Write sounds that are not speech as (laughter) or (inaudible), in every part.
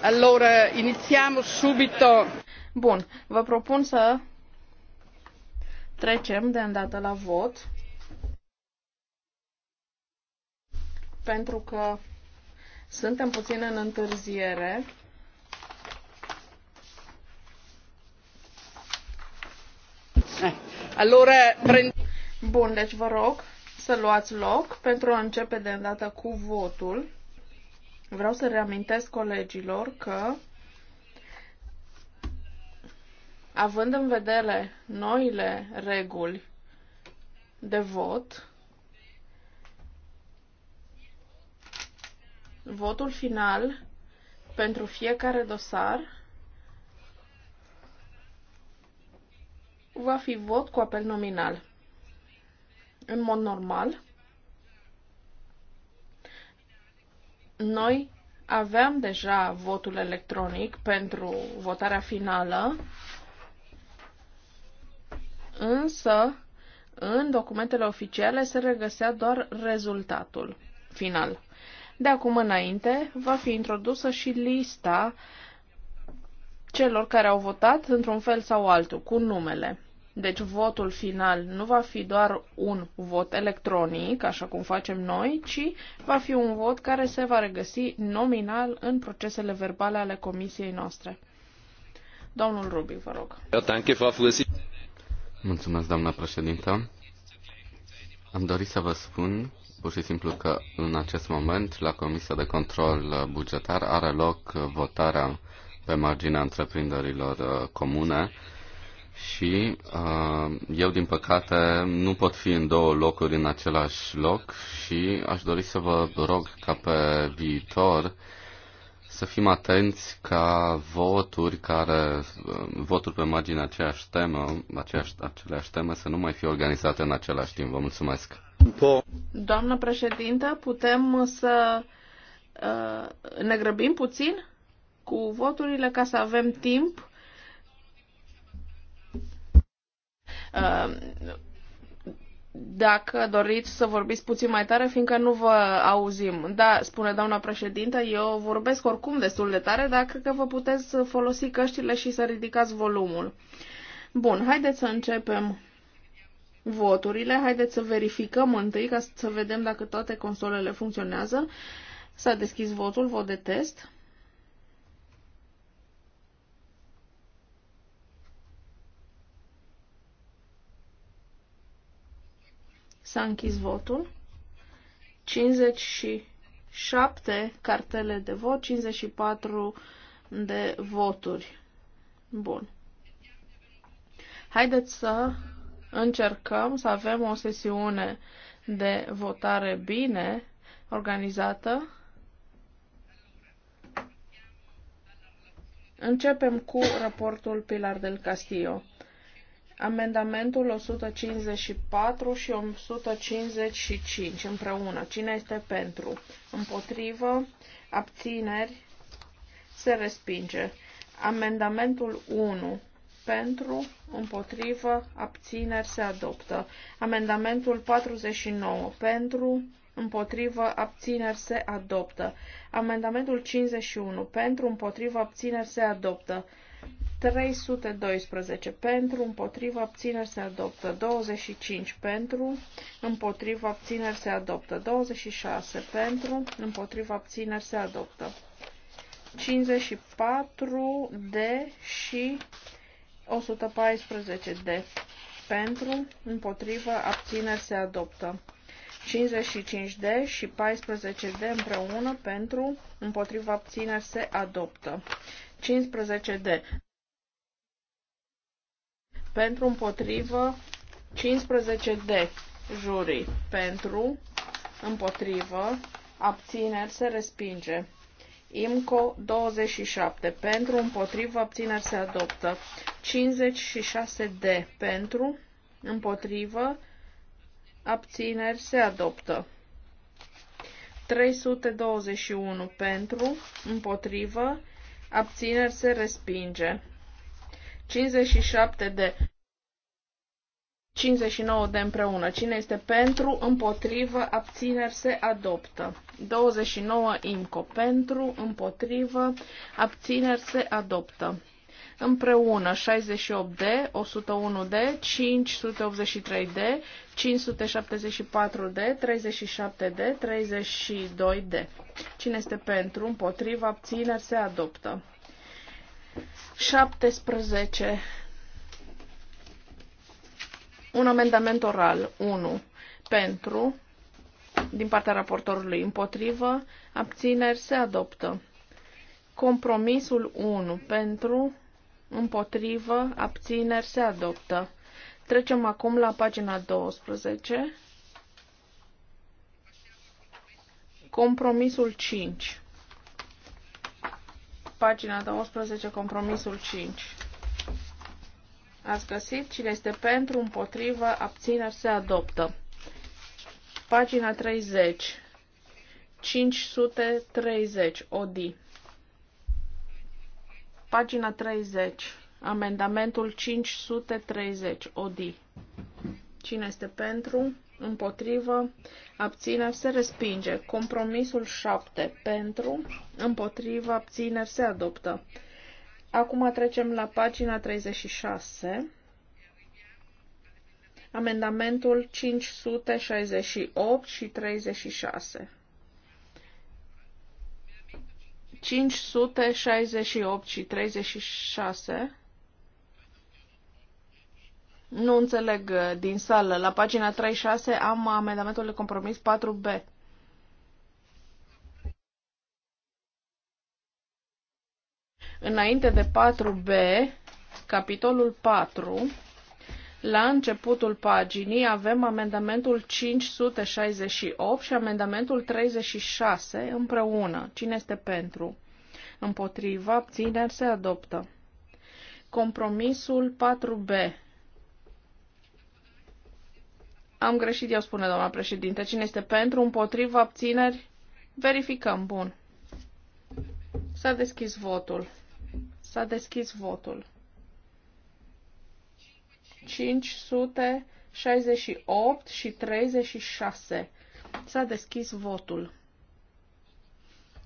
Allora, iniziamo subito. Bun, vă propun să trecem de îndată la vot. Pentru că suntem puțin în întârziere. Allora, prend... Bun, deci vă rog să luați loc pentru a începe de îndată cu votul. Vreau să reamintesc colegilor că, având în vedere noile reguli de vot, votul final pentru fiecare dosar va fi vot cu apel nominal în mod normal, noi aveam deja votul electronic pentru votarea finală, însă în documentele oficiale se regăsea doar rezultatul final. De acum înainte va fi introdusă și lista celor care au votat într-un fel sau altul, cu numele. Deci votul final nu va fi doar un vot electronic, așa cum facem noi, ci va fi un vot care se va regăsi nominal în procesele verbale ale comisiei noastre. Domnul Rubic, vă rog. Mulțumesc, doamna președintă. Am dorit să vă spun pur și simplu că în acest moment la Comisia de Control Bugetar are loc votarea pe marginea întreprinderilor uh, comune și uh, eu, din păcate, nu pot fi în două locuri în același loc și aș dori să vă rog ca pe viitor să fim atenți ca voturi care, uh, voturi pe marginea aceeași temă, aceeași, aceleași teme, să nu mai fie organizate în același timp. Vă mulțumesc. Doamnă președintă, putem să uh, ne grăbim puțin cu voturile ca să avem timp Ehm, dacă doriți să vorbiți puțin mai tare, fiindcă nu vă auzim. Da, spune doamna președintă, eu vorbesc oricum destul de tare, dar cred că vă puteți folosi căștile și să ridicați volumul. Bun, haideți să începem voturile. Haideți să verificăm întâi ca să vedem dacă toate consolele funcționează. S-a deschis votul, vot de test. S-a închis votul. 57 cartele de vot, 54 de voturi. Bun. Haideți să încercăm să avem o sesiune de votare bine organizată. Începem cu raportul Pilar del Castillo. Amendamentul 154 și 155 împreună. Cine este pentru? Împotrivă? Abțineri? Se respinge. Amendamentul 1 pentru, împotrivă, abțineri se adoptă. Amendamentul 49 pentru, împotrivă, abțineri se adoptă. Amendamentul 51 pentru, împotrivă, abțineri se adoptă. 312 pentru, împotriva abțineri se adoptă 25 pentru, împotriva abțineri se adoptă 26 pentru, împotriva abțineri se adoptă 54 de și 114 de pentru, împotriva abțineri se adoptă 55D și 14D împreună pentru împotriva abțineri se adoptă. 15D pentru împotrivă 15D jurii pentru împotrivă abțineri se respinge. IMCO 27 pentru împotrivă abțineri se adoptă. 56D pentru împotrivă abțineri se adoptă. 321 pentru, împotrivă, abțineri se respinge. 57 de 59 de împreună. Cine este pentru, împotrivă, abțineri se adoptă. 29 imco pentru, împotrivă, abțineri se adoptă împreună 68D, 101D, 583D, 574D, 37D, 32D. Cine este pentru, împotriva, abțineri, se adoptă. 17. Un amendament oral. 1. Pentru. Din partea raportorului împotrivă. Abțineri se adoptă. Compromisul 1. Pentru împotrivă, abțineri, se adoptă. Trecem acum la pagina 12. Compromisul 5. Pagina 12, compromisul 5. Ați găsit cine este pentru, împotrivă, abțineri, se adoptă. Pagina 30. 530. Odi. Pagina 30. Amendamentul 530. ODI. Cine este pentru? Împotrivă. Abțineri se respinge. Compromisul 7. Pentru. Împotrivă. Abțineri se adoptă. Acum trecem la pagina 36. Amendamentul 568 și 36. 568 și 36. Nu înțeleg uh, din sală. La pagina 36 am amendamentul de compromis 4B. Înainte de 4B, capitolul 4, la începutul paginii avem amendamentul 568 și amendamentul 36 împreună. Cine este pentru? Împotriva, abțineri, se adoptă. Compromisul 4B. Am greșit eu, spune doamna președinte. Cine este pentru, împotriva, abțineri? Verificăm, bun. S-a deschis votul. S-a deschis votul. 568 și 36. S-a deschis votul.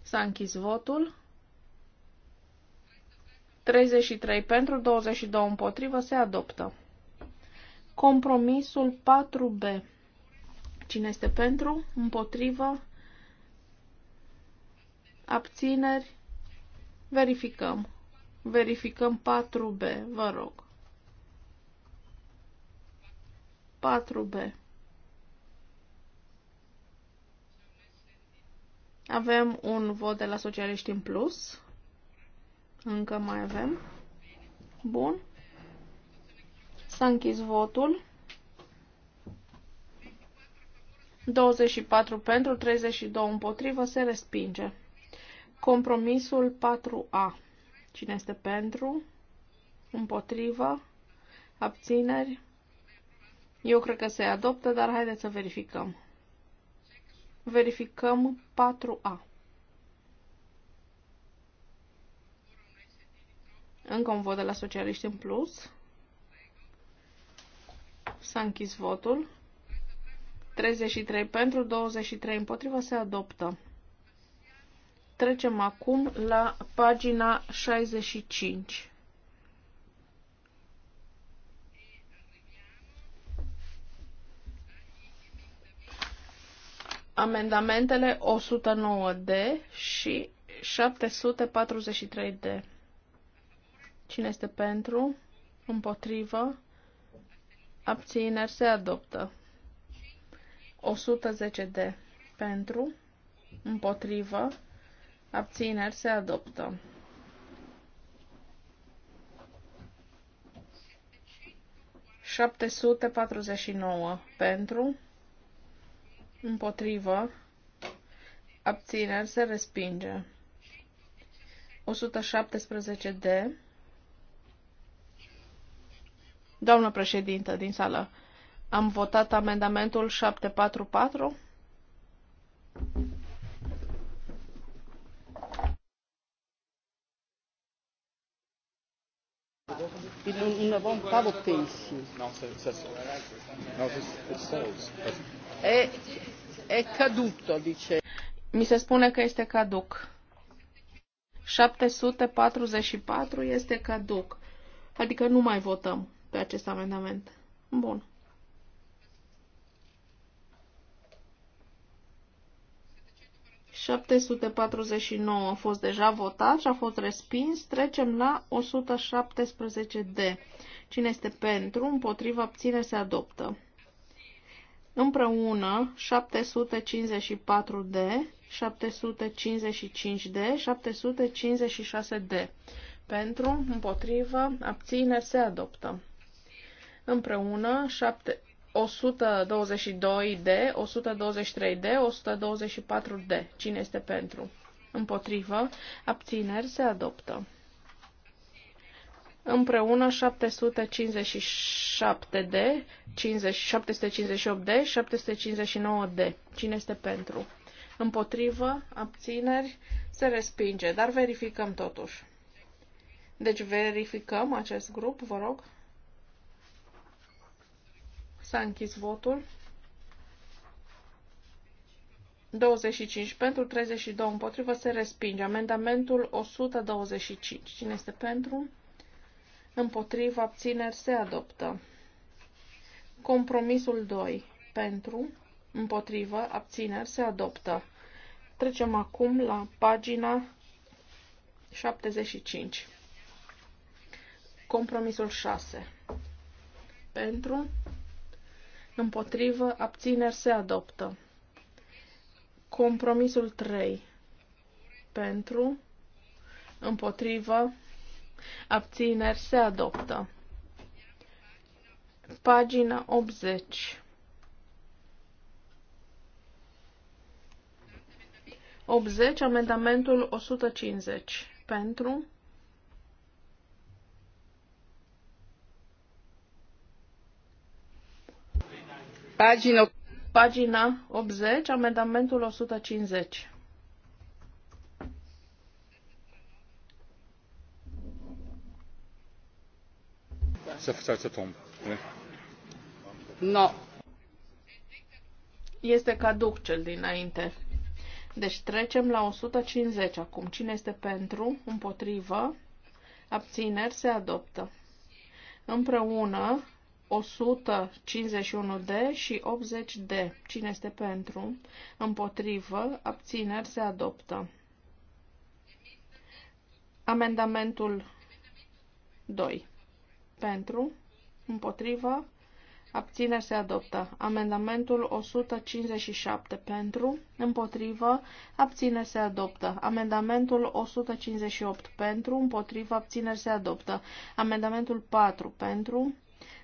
S-a închis votul. 33 pentru, 22 împotrivă, se adoptă. Compromisul 4B. Cine este pentru? Împotrivă? Abțineri? Verificăm. Verificăm 4B, vă rog. 4B. Avem un vot de la socialiști în plus. Încă mai avem. Bun. S-a închis votul. 24 pentru, 32 împotrivă, se respinge. Compromisul 4A. Cine este pentru? Împotrivă? Abțineri? Eu cred că se adoptă, dar haideți să verificăm. Verificăm 4A. Încă un vot de la socialiști în plus. S-a închis votul. 33 pentru, 23 împotriva, se adoptă. Trecem acum la pagina 65. amendamentele 109D și 743D. Cine este pentru? Împotrivă? Abțineri se adoptă. 110D. Pentru? Împotrivă? Abțineri se adoptă. 749 pentru, împotrivă, abțineri, se respinge. 117 de. Doamnă președintă din sală, am votat amendamentul 744? Ils ne l'avons pas voté ici. Non, ça, ça, non, ça, ça, E, e caduto, dice. Mi se spune că este caduc. 744 este caduc. Adică nu mai votăm pe acest amendament. Bun. ...749 a fost deja votat și a fost respins. Trecem la 117D. Cine este pentru, împotriva, abține, se adoptă împreună 754D, 755D, 756D. Pentru, împotrivă, abține, se adoptă. Împreună 7, 122D, 123D, 124D. Cine este pentru? Împotrivă, abțineri se adoptă împreună 757 de, 50, 758 de, 759 de. Cine este pentru? Împotrivă, abțineri, se respinge, dar verificăm totuși. Deci verificăm acest grup, vă rog. S-a închis votul. 25 pentru, 32 împotrivă, se respinge. Amendamentul 125. Cine este pentru? împotriva abțineri se adoptă. Compromisul 2 pentru, împotrivă, abțineri se adoptă. Trecem acum la pagina 75. Compromisul 6 pentru, împotrivă, abțineri se adoptă. Compromisul 3 pentru, împotrivă, abțineri se adoptă. Pagina 80. 80, amendamentul 150. Pentru. Pagina, pagina 80, amendamentul 150. ça, ça, ça tombe. No. Este caduc cel dinainte. Deci trecem la 150 acum. Cine este pentru, împotrivă, abțineri, se adoptă. Împreună 151D și 80D. Cine este pentru, împotrivă, abțineri, se adoptă. Amendamentul 2. Pentru, împotrivă, abțineri se adoptă. Amendamentul 157 pentru, împotrivă, abțineri se adoptă. Amendamentul 158 pentru, împotrivă, abțineri se adoptă. Amendamentul 4 pentru,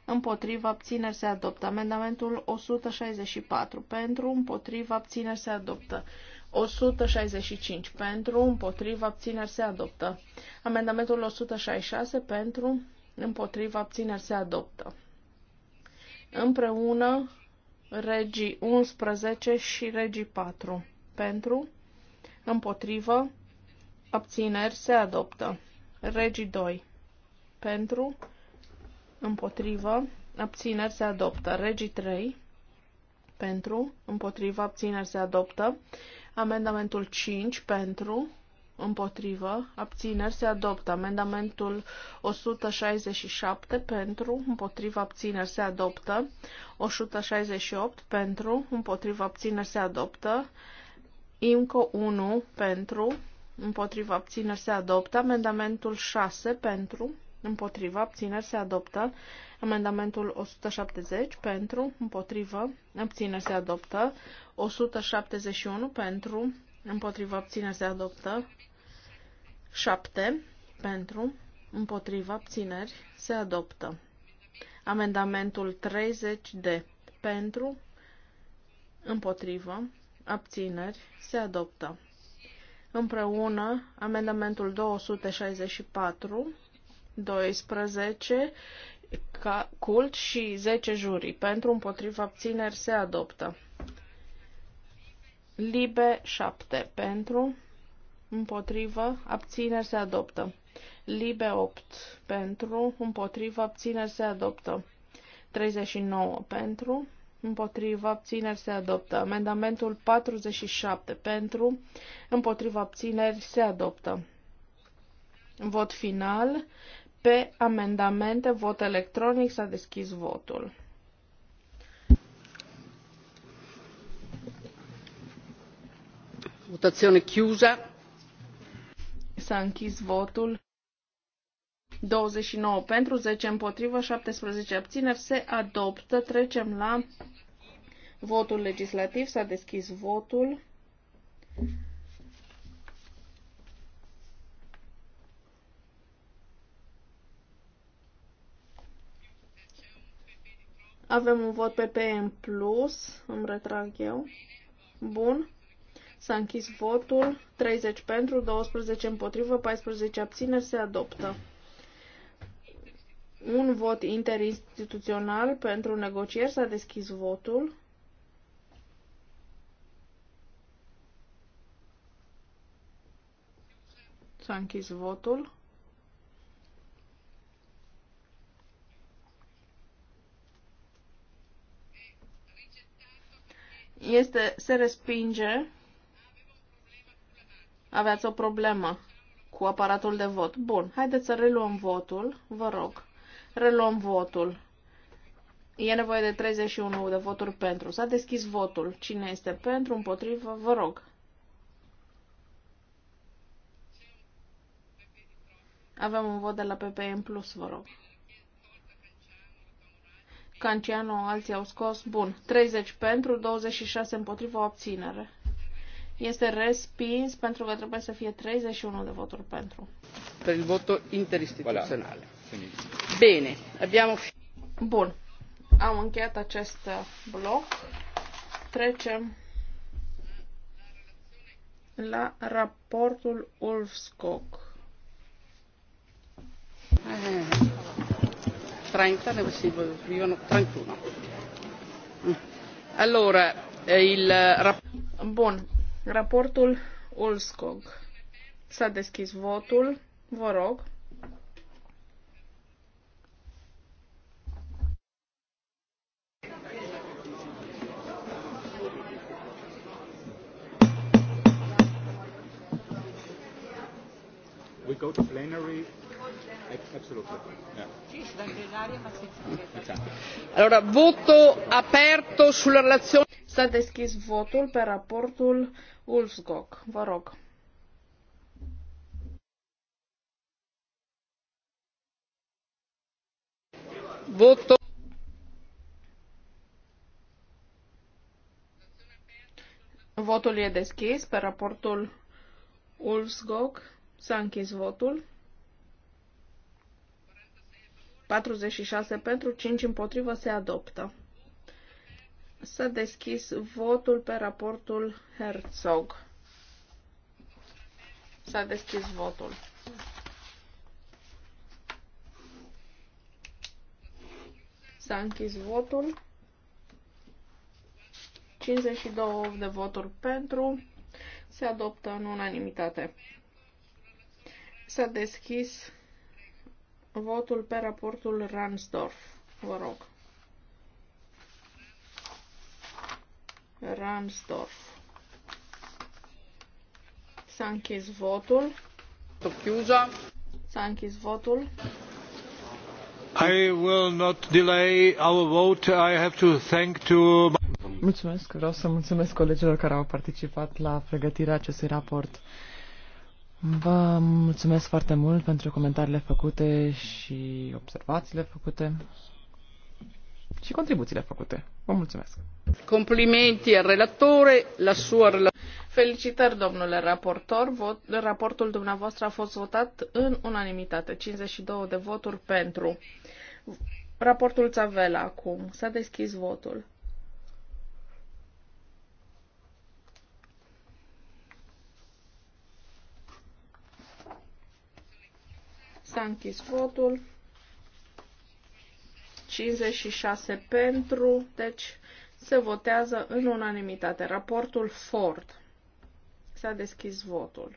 Împotriva abțineri se adoptă. Amendamentul 164 pentru, împotriva abțineri se adoptă. 165 pentru, împotriva abțineri se adoptă. Amendamentul 166 pentru, împotriva abțineri se adoptă. Împreună regii 11 și regii 4 pentru, împotrivă, abțineri se adoptă. Regii 2 pentru, împotrivă, abțineri se adoptă. Regii 3 pentru, împotrivă, abțineri se adoptă. Amendamentul 5 pentru, împotrivă, abțineri, se adoptă. Amendamentul 167 pentru, împotrivă, abțineri, se adoptă. 168 pentru, împotrivă, abțineri, se adoptă. IMCO 1 pentru, împotrivă, abțineri, se adoptă. Amendamentul 6 pentru, împotrivă, abțineri, se adoptă. Amendamentul 170 pentru, împotrivă, abțineri, se adoptă. 171 pentru, împotrivă, abțineri se adoptă. 7 pentru, împotriva, abțineri, se adoptă. Amendamentul 30D pentru, împotriva abțineri, se adoptă. Împreună, amendamentul 264, 12, ca cult și 10 jurii. Pentru împotriva abțineri se adoptă. Libe 7 pentru împotrivă, abțineri se adoptă. Libe 8 pentru, împotrivă, abțineri se adoptă. 39 pentru, împotrivă, abțineri se adoptă. Amendamentul 47 pentru, împotrivă, abțineri se adoptă. Vot final. Pe amendamente, vot electronic, s-a deschis votul. Votazione chiusa. S-a închis votul. 29 pentru, 10 împotrivă, 17 abțineri. Se adoptă. Trecem la votul legislativ. S-a deschis votul. Avem un vot pe PM+, plus, îmi retrag eu. Bun. S-a închis votul. 30 pentru, 12 împotrivă, 14 abțineri. Se adoptă. Un vot interinstituțional pentru negocieri. S-a deschis votul. S-a închis votul. Este, se respinge Aveați o problemă cu aparatul de vot. Bun, haideți să reluăm votul, vă rog. Reluăm votul. E nevoie de 31 de voturi pentru. S-a deschis votul. Cine este pentru, împotrivă, vă rog. Avem un vot de la PP în plus, vă rog. Canciano, alții au scos. Bun. 30 pentru, 26 împotrivă, o abținere. Este respins pentru că trebuie să fie 31 de voturi pentru. Pentru votul voto Voilà. Bine, abbiamo... Bun, am încheiat acest uh, bloc. Trecem la raportul Ulfskog. 30 eh, ne vivono 31. Mm. Allora, eh, il eh, Bun, Raportul Ulskog. S-a deschis votul. Vă rog. We go to plenary Allora, voto aperto sulla relazione. S-a deschis votul pe raportul Ulfsgog. Vă rog. Voto. Votul e deschis pe raportul Ulfsgog. S-a închis votul. 46 pentru, 5 împotrivă se adoptă. S-a deschis votul pe raportul Herzog. S-a deschis votul. S-a închis votul. 52 de voturi pentru. Se adoptă în unanimitate. S-a deschis votul pe raportul Ransdorf. Vă rog. Ransdorf. S-a închis votul. Chiuza. S-a închis votul. I will not delay our vote. I have to thank to Mulțumesc, vreau să mulțumesc colegilor care au participat la pregătirea acestui raport. Vă mulțumesc foarte mult pentru comentariile făcute și observațiile făcute și contribuțiile făcute. Vă mulțumesc. Complimenti al relatore, la sua rela Felicitări, domnule raportor. Vot, raportul dumneavoastră a fost votat în unanimitate. 52 de voturi pentru. Raportul Țavela acum. S-a deschis votul. S-a închis votul. 56 pentru, deci se votează în unanimitate. Raportul Ford. S-a deschis votul.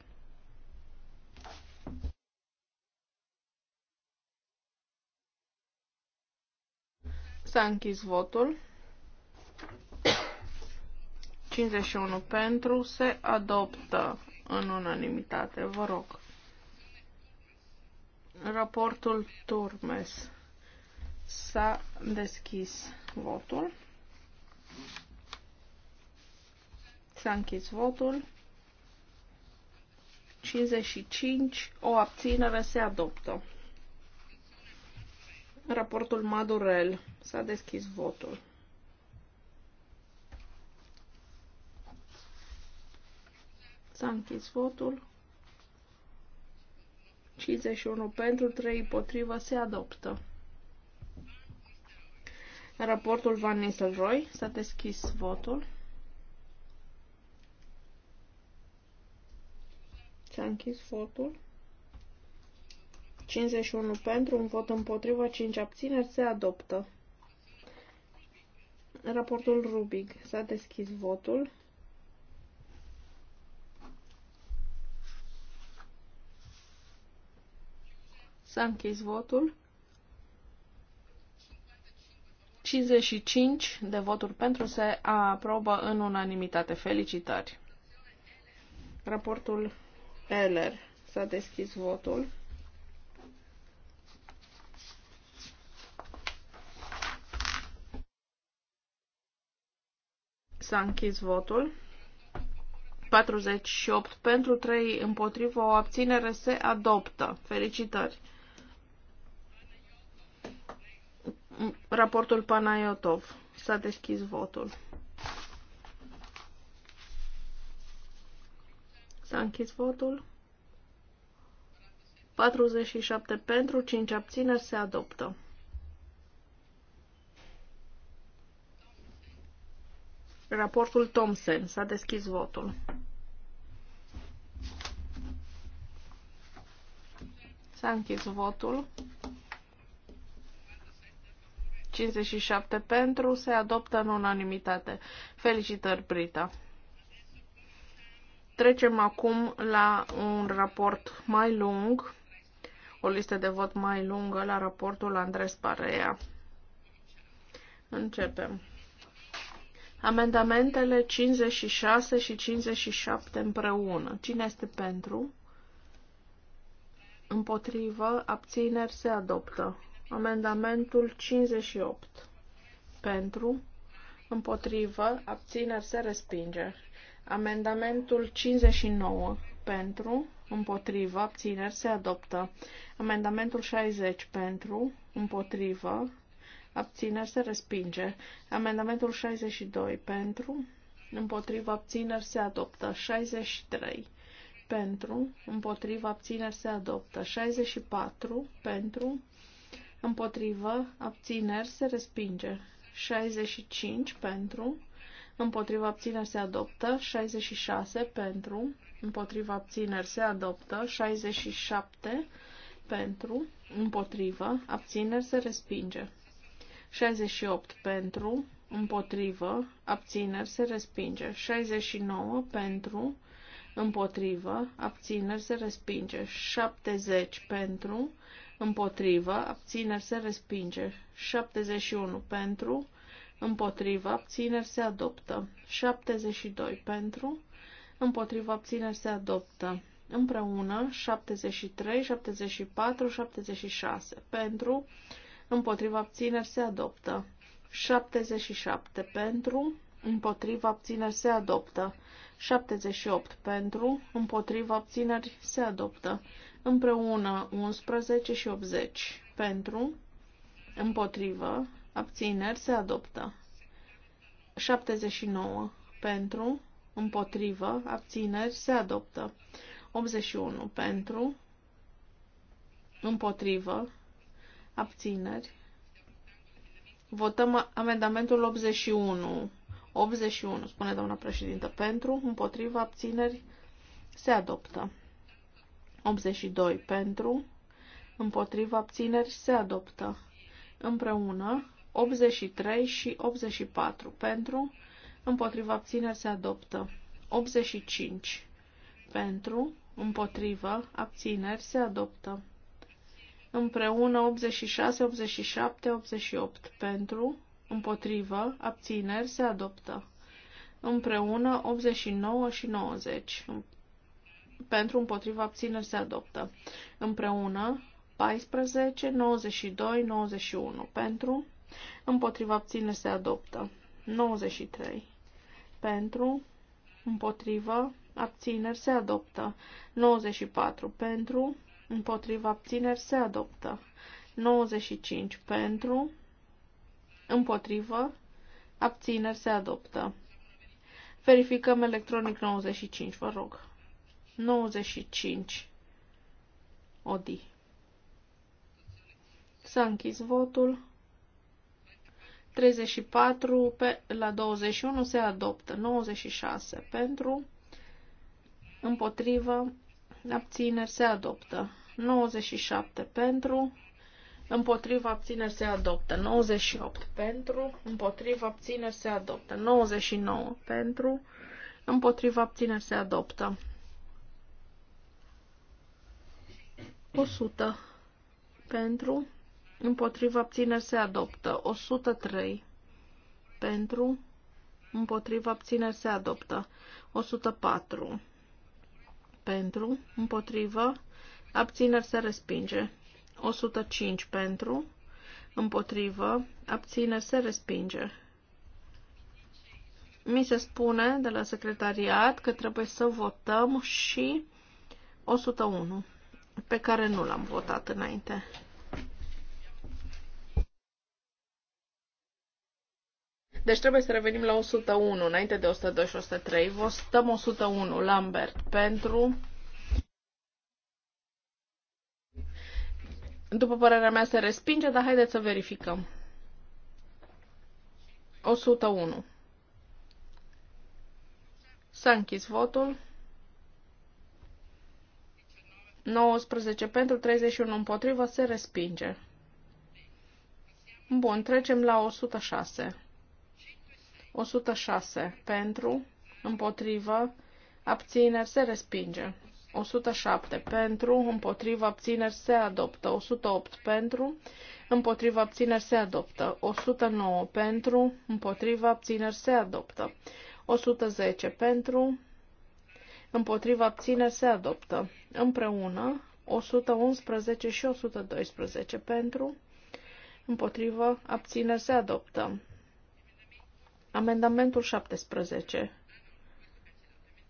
S-a închis votul. 51 pentru se adoptă în unanimitate. Vă rog. Raportul Turmes. S-a deschis votul. S-a închis votul. 55. O abținere se adoptă. Raportul Madurel. S-a deschis votul. S-a închis votul. 51 pentru, 3 împotrivă, se adoptă. Raportul Van Nistelrooy. S-a deschis votul. S-a închis votul. 51 pentru, un vot împotrivă, 5 abțineri, se adoptă. Raportul Rubic. S-a deschis votul. S-a închis votul. 55 de voturi pentru se aprobă în unanimitate. Felicitări! Raportul Eller. S-a deschis votul. S-a închis votul. 48 pentru 3 împotrivă o abținere se adoptă. Felicitări! raportul Panayotov. S-a deschis votul. S-a închis votul. 47 pentru, 5 abțineri se adoptă. Raportul Thomson. S-a deschis votul. S-a închis votul. 57 pentru, se adoptă în unanimitate. Felicitări, Brita! Trecem acum la un raport mai lung, o listă de vot mai lungă la raportul Andres Parea. Începem. Amendamentele 56 și 57 împreună. Cine este pentru? Împotrivă, abțineri se adoptă. Amendamentul 58. Pentru. Împotrivă. Abțineri se respinge. Amendamentul 59. Pentru. Împotrivă. Abțineri se adoptă. Amendamentul 60. Pentru. Împotrivă. Abțineri se respinge. Amendamentul 62. Pentru. Împotrivă. Abțineri se adoptă. 63 pentru, împotriva abțineri se adoptă. 64 pentru, împotrivă, abțineri, se respinge. 65 pentru, împotrivă, abțineri, se adoptă. 66 pentru, împotrivă, abțineri, se adoptă. 67 pentru, împotrivă, abțineri, se respinge. 68 pentru, împotrivă, abțineri, se respinge. 69 pentru, împotrivă, abțineri, se respinge. 70 pentru, împotrivă, abțineri se respinge. 71 pentru, împotrivă, abțineri se adoptă. 72 pentru, împotrivă, abțineri se adoptă. Împreună 73, 74, 76 pentru, împotrivă, abțineri se adoptă. 77 pentru, împotrivă, abțineri se adoptă. 78 pentru, împotrivă, abțineri se adoptă împreună 11 și 80 pentru, împotrivă, abțineri se adoptă. 79 pentru, împotrivă, abțineri se adoptă. 81 pentru, împotrivă, abțineri. Votăm amendamentul 81. 81, spune doamna președintă, pentru, împotriva, abțineri, se adoptă. 82 pentru, împotriva abțineri se adoptă. Împreună 83 și 84 pentru, împotriva abțineri se adoptă. 85 pentru, împotriva abțineri se adoptă. Împreună 86, 87, 88 pentru, împotriva abțineri se adoptă. Împreună 89 și 90 pentru împotriva abțineri se adoptă. Împreună 14, 92, 91 pentru împotriva abțineri se adoptă. 93 pentru împotriva abțineri se adoptă. 94 pentru împotriva abțineri se adoptă. 95 pentru împotriva abțineri se adoptă. Verificăm electronic 95, vă rog. 95. Odi. S-a închis votul. 34 pe, la 21 se adoptă. 96 pentru. Împotrivă. Abțineri se adoptă. 97 pentru. Împotriva abțineri se adoptă 98 pentru, împotriva abțineri se adoptă 99 pentru, împotriva abțineri se adoptă 100 pentru, împotriva abțineri se adoptă. 103 pentru, împotriva abțineri se adoptă. 104 pentru, împotriva abțineri se respinge. 105 pentru, împotrivă, abțineri se respinge. Mi se spune de la secretariat că trebuie să votăm și 101 pe care nu l-am votat înainte. Deci trebuie să revenim la 101, înainte de 102 și 103. Votăm 101, Lambert, pentru... După părerea mea se respinge, dar haideți să verificăm. 101. S-a închis votul. 19 pentru 31 împotrivă se respinge. Bun, trecem la 106. 106 pentru, împotrivă, abțineri se respinge. 107 pentru, împotrivă, abțineri se adoptă. 108 pentru, împotrivă, abțineri se adoptă. 109 pentru, împotrivă, abțineri se adoptă. 110 pentru, împotriva abțineri se adoptă. Împreună 111 și 112 pentru, împotrivă abține se adoptă. Amendamentul 17.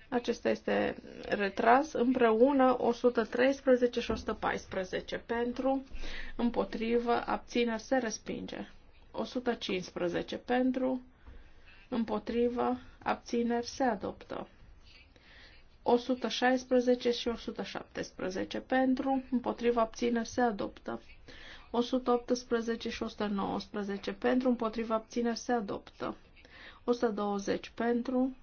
Acesta este retras împreună 113 și 114 pentru, împotrivă, abține se respinge. 115 pentru, împotrivă, abține se adoptă. 116 și 117 pentru, împotriva abțineri se adoptă. 118 și 119 pentru, împotriva abțineri se adoptă. 120 pentru,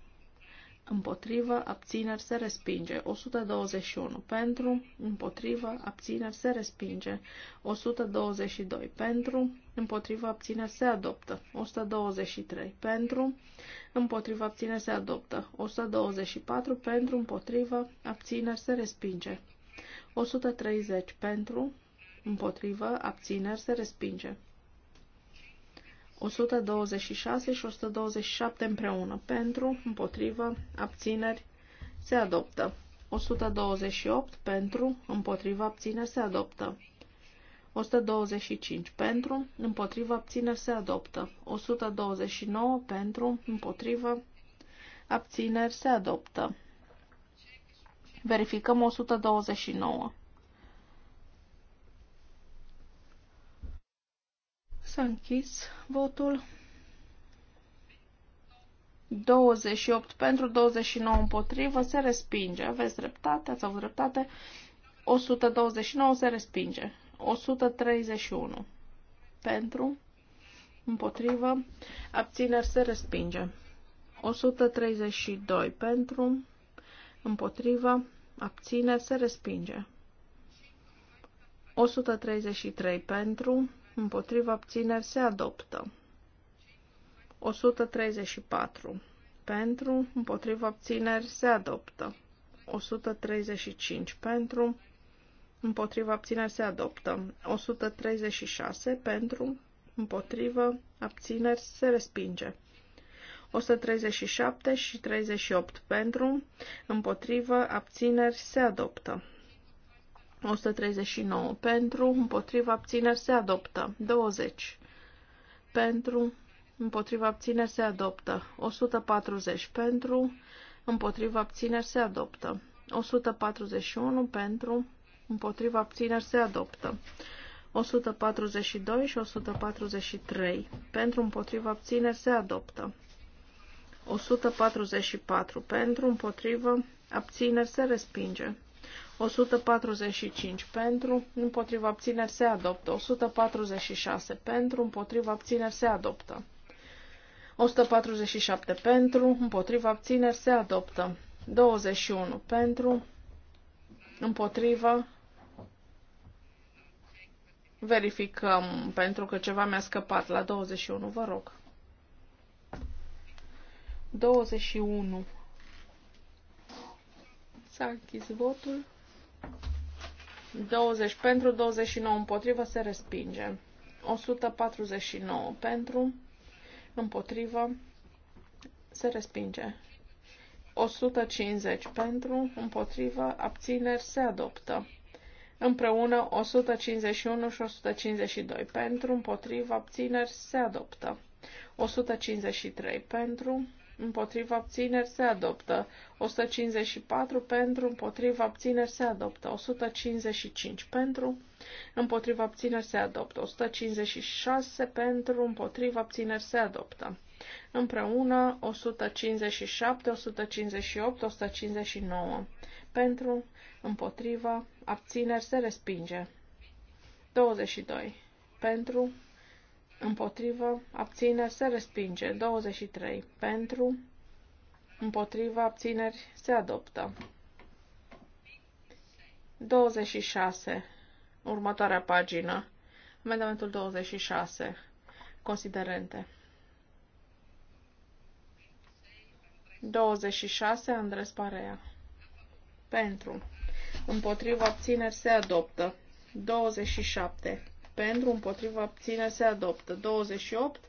împotrivă, abțineri, se respinge. 121 pentru, împotrivă, abțineri, se respinge. 122 pentru, împotrivă, abțineri, se adoptă. 123 pentru, împotrivă, abțineri, se adoptă. 124 pentru, împotrivă, abțineri, se respinge. 130 pentru, împotrivă, abțineri, se respinge. 126 și 127 împreună. Pentru, împotrivă, abțineri, se adoptă. 128 pentru, împotrivă, abțineri, se adoptă. 125 pentru, împotrivă, abțineri, se adoptă. 129 pentru, împotrivă, abțineri, se adoptă. Verificăm 129. S-a închis votul. 28 pentru, 29 împotrivă, se respinge. Aveți dreptate, ați avut dreptate. 129 se respinge. 131 pentru, împotrivă, abțineri se respinge. 132 pentru, împotrivă, abțineri se respinge. 133 pentru, împotriva abțineri se adoptă. 134. Pentru, împotriva abțineri se adoptă. 135. Pentru, împotriva abțineri se adoptă. 136. Pentru, împotriva abțineri se respinge. 137 și 38 pentru, împotrivă, abțineri se adoptă. 139 pentru, împotriva abțineri se adoptă. 20 pentru, împotriva abțineri se adoptă. 140 pentru, împotriva abțineri se adoptă. 141 pentru, împotriva abțineri se adoptă. 142 și 143 pentru, împotriva abțineri se adoptă. 144 pentru, împotriva abțineri se respinge. 145 pentru, împotriva abțineri se adoptă. 146 pentru, împotriva abțineri se adoptă. 147 pentru, împotriva abțineri se adoptă. 21 pentru, împotriva. Verificăm, pentru că ceva mi-a scăpat la 21, vă rog. 21. S-a închis votul. 20 pentru, 29 împotrivă, se respinge. 149 pentru, împotrivă, se respinge. 150 pentru, împotrivă, abțineri, se adoptă. Împreună 151 și 152 pentru, împotrivă, abțineri, se adoptă. 153 pentru, împotriva abțineri se adoptă. 154 pentru, împotriva abțineri se adoptă. 155 pentru, împotriva abțineri se adoptă. 156 pentru, împotriva abțineri se adoptă. Împreună 157, 158, 159 pentru, împotriva, abțineri se respinge. 22 pentru, Împotrivă, abțineri, se respinge. 23. Pentru, împotrivă, abțineri, se adoptă. 26. Următoarea pagină. Amendamentul 26. Considerente. 26. Andres Parea. Pentru. Împotriva abțineri se adoptă. 27 pentru împotriva abține se adoptă. 28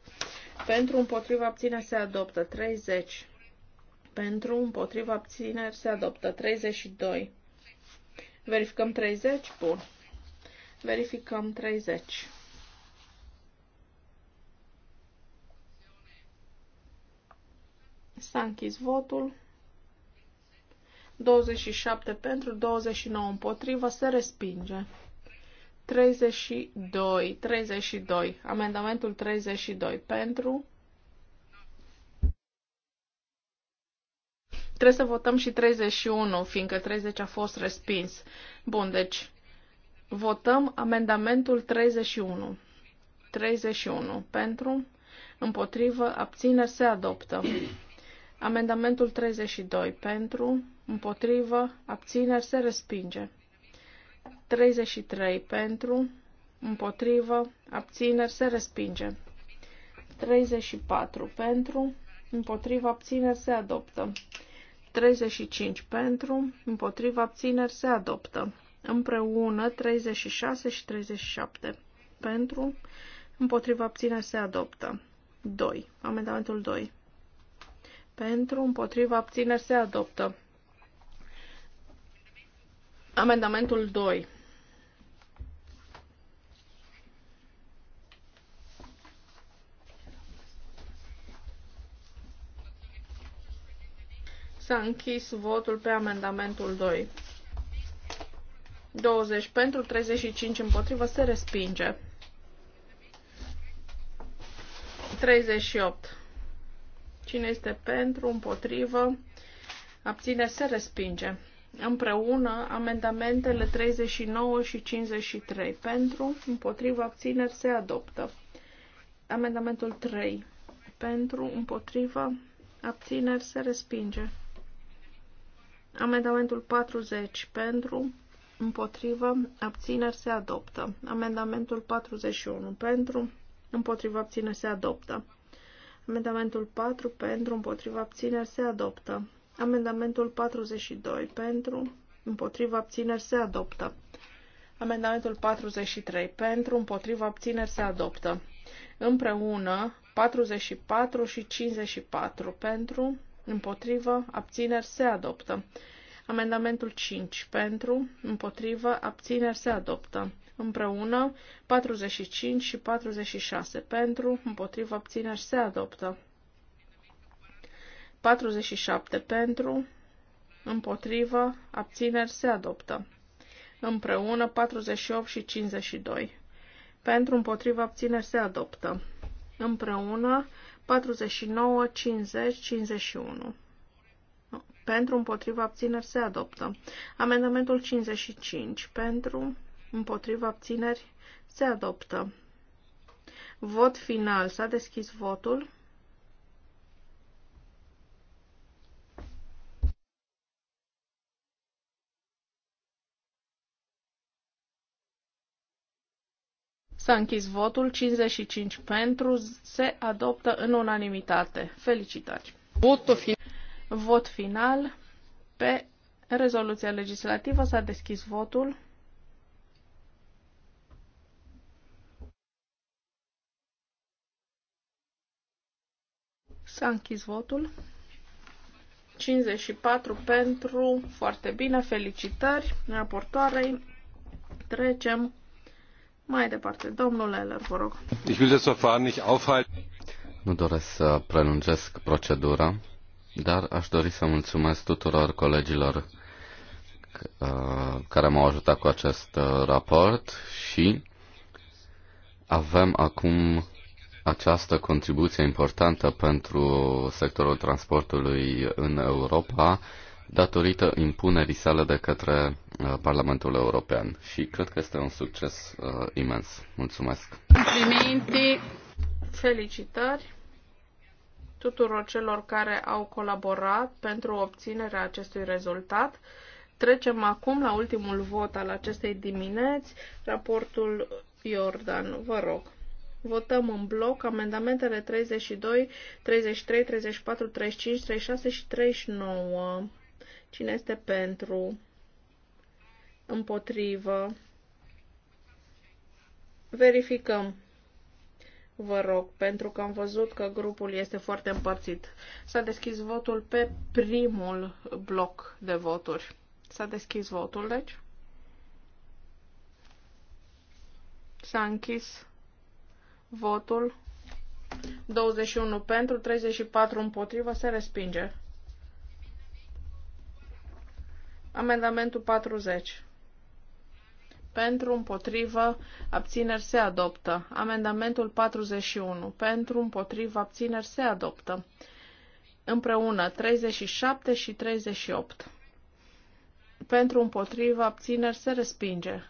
pentru împotriva abține se adoptă. 30 pentru împotriva abține se adoptă. 32 verificăm 30 bun verificăm 30 S-a închis votul. 27 pentru, 29 împotrivă, se respinge. 32, 32, amendamentul 32 pentru. Trebuie să votăm și 31, fiindcă 30 a fost respins. Bun, deci votăm amendamentul 31. 31 pentru, împotrivă, abțineri se adoptă. Amendamentul 32 pentru, împotrivă, abțineri se respinge. 33 pentru, împotrivă, abțineri, se respinge. 34 pentru, împotrivă, abțineri, se adoptă. 35 pentru, împotrivă, abțineri, se adoptă. Împreună 36 și 37 pentru, împotrivă, abțineri, se adoptă. 2. Amendamentul 2. Pentru, împotrivă, abțineri, se adoptă. Amendamentul 2. S-a închis votul pe amendamentul 2. 20 pentru, 35 împotrivă, se respinge. 38. Cine este pentru, împotrivă, abține, se respinge împreună amendamentele 39 și 53. Pentru, împotriva, abțineri se adoptă. Amendamentul 3. Pentru, împotriva, abțineri se respinge. Amendamentul 40. Pentru, împotrivă, abțineri se adoptă. Amendamentul 41. Pentru, împotriva, abțineri se adoptă. Amendamentul 4. Pentru, împotriva, abțineri se adoptă. Amendamentul 42 pentru, împotriva abțineri se adoptă. Amendamentul 43 pentru, împotriva abțineri se adoptă. Împreună 44 și 54 pentru, împotriva abțineri se adoptă. Amendamentul 5 pentru, împotriva abțineri se adoptă. Împreună 45 și 46 pentru, împotriva abțineri se adoptă. 47 pentru, împotrivă, abțineri se adoptă. Împreună 48 și 52. Pentru, împotrivă, abțineri se adoptă. Împreună 49, 50, 51. Pentru, împotriva, abțineri se adoptă. Amendamentul 55. Pentru, împotriva, abțineri se adoptă. Vot final. S-a deschis votul. S-a închis votul, 55 pentru, se adoptă în unanimitate. Felicitări! Votul Vot final pe rezoluția legislativă. S-a deschis votul. S-a închis votul. 54 pentru, foarte bine, felicitări raportoarei. Trecem mai departe, domnul Eller, vă rog. Ich will das Verfahren nicht aufhalten. Nu doresc să prelungesc procedura, dar aș dori să mulțumesc tuturor colegilor uh, care m-au ajutat cu acest uh, raport și avem acum această contribuție importantă pentru sectorul transportului în Europa datorită impunerii sale de către uh, Parlamentul European și cred că este un succes uh, imens. Mulțumesc! Complimenti, felicitări tuturor celor care au colaborat pentru obținerea acestui rezultat. Trecem acum la ultimul vot al acestei dimineți, raportul Iordan. Vă rog. Votăm în bloc amendamentele 32, 33, 34, 35, 36 și 39. Cine este pentru? Împotrivă? Verificăm. Vă rog, pentru că am văzut că grupul este foarte împărțit. S-a deschis votul pe primul bloc de voturi. S-a deschis votul, deci. S-a închis votul. 21 pentru, 34 împotrivă, se respinge. Amendamentul 40. Pentru, împotrivă, abțineri se adoptă. Amendamentul 41. Pentru, împotrivă, abțineri se adoptă. Împreună 37 și 38. Pentru, împotrivă, abțineri se respinge.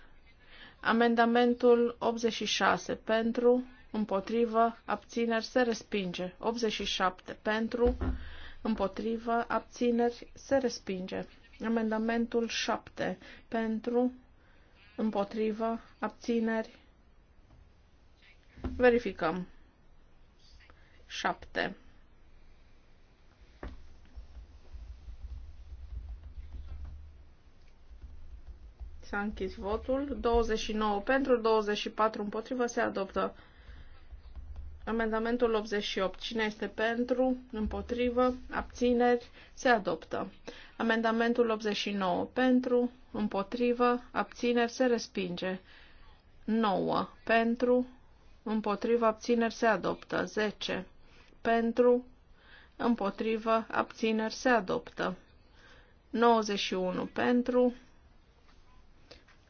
Amendamentul 86. Pentru, împotrivă, abțineri se respinge. 87. Pentru, împotrivă, abțineri se respinge. Amendamentul 7 pentru, împotrivă, abțineri. Verificăm. 7. S-a închis votul. 29 pentru, 24 împotrivă, se adoptă. Amendamentul 88. Cine este pentru? Împotrivă? Abțineri? Se adoptă. Amendamentul 89. Pentru? Împotrivă? Abțineri? Se respinge. 9. Pentru? Împotrivă? Abțineri? Se adoptă. 10. Pentru? Împotrivă? Abțineri? Se adoptă. 91. Pentru?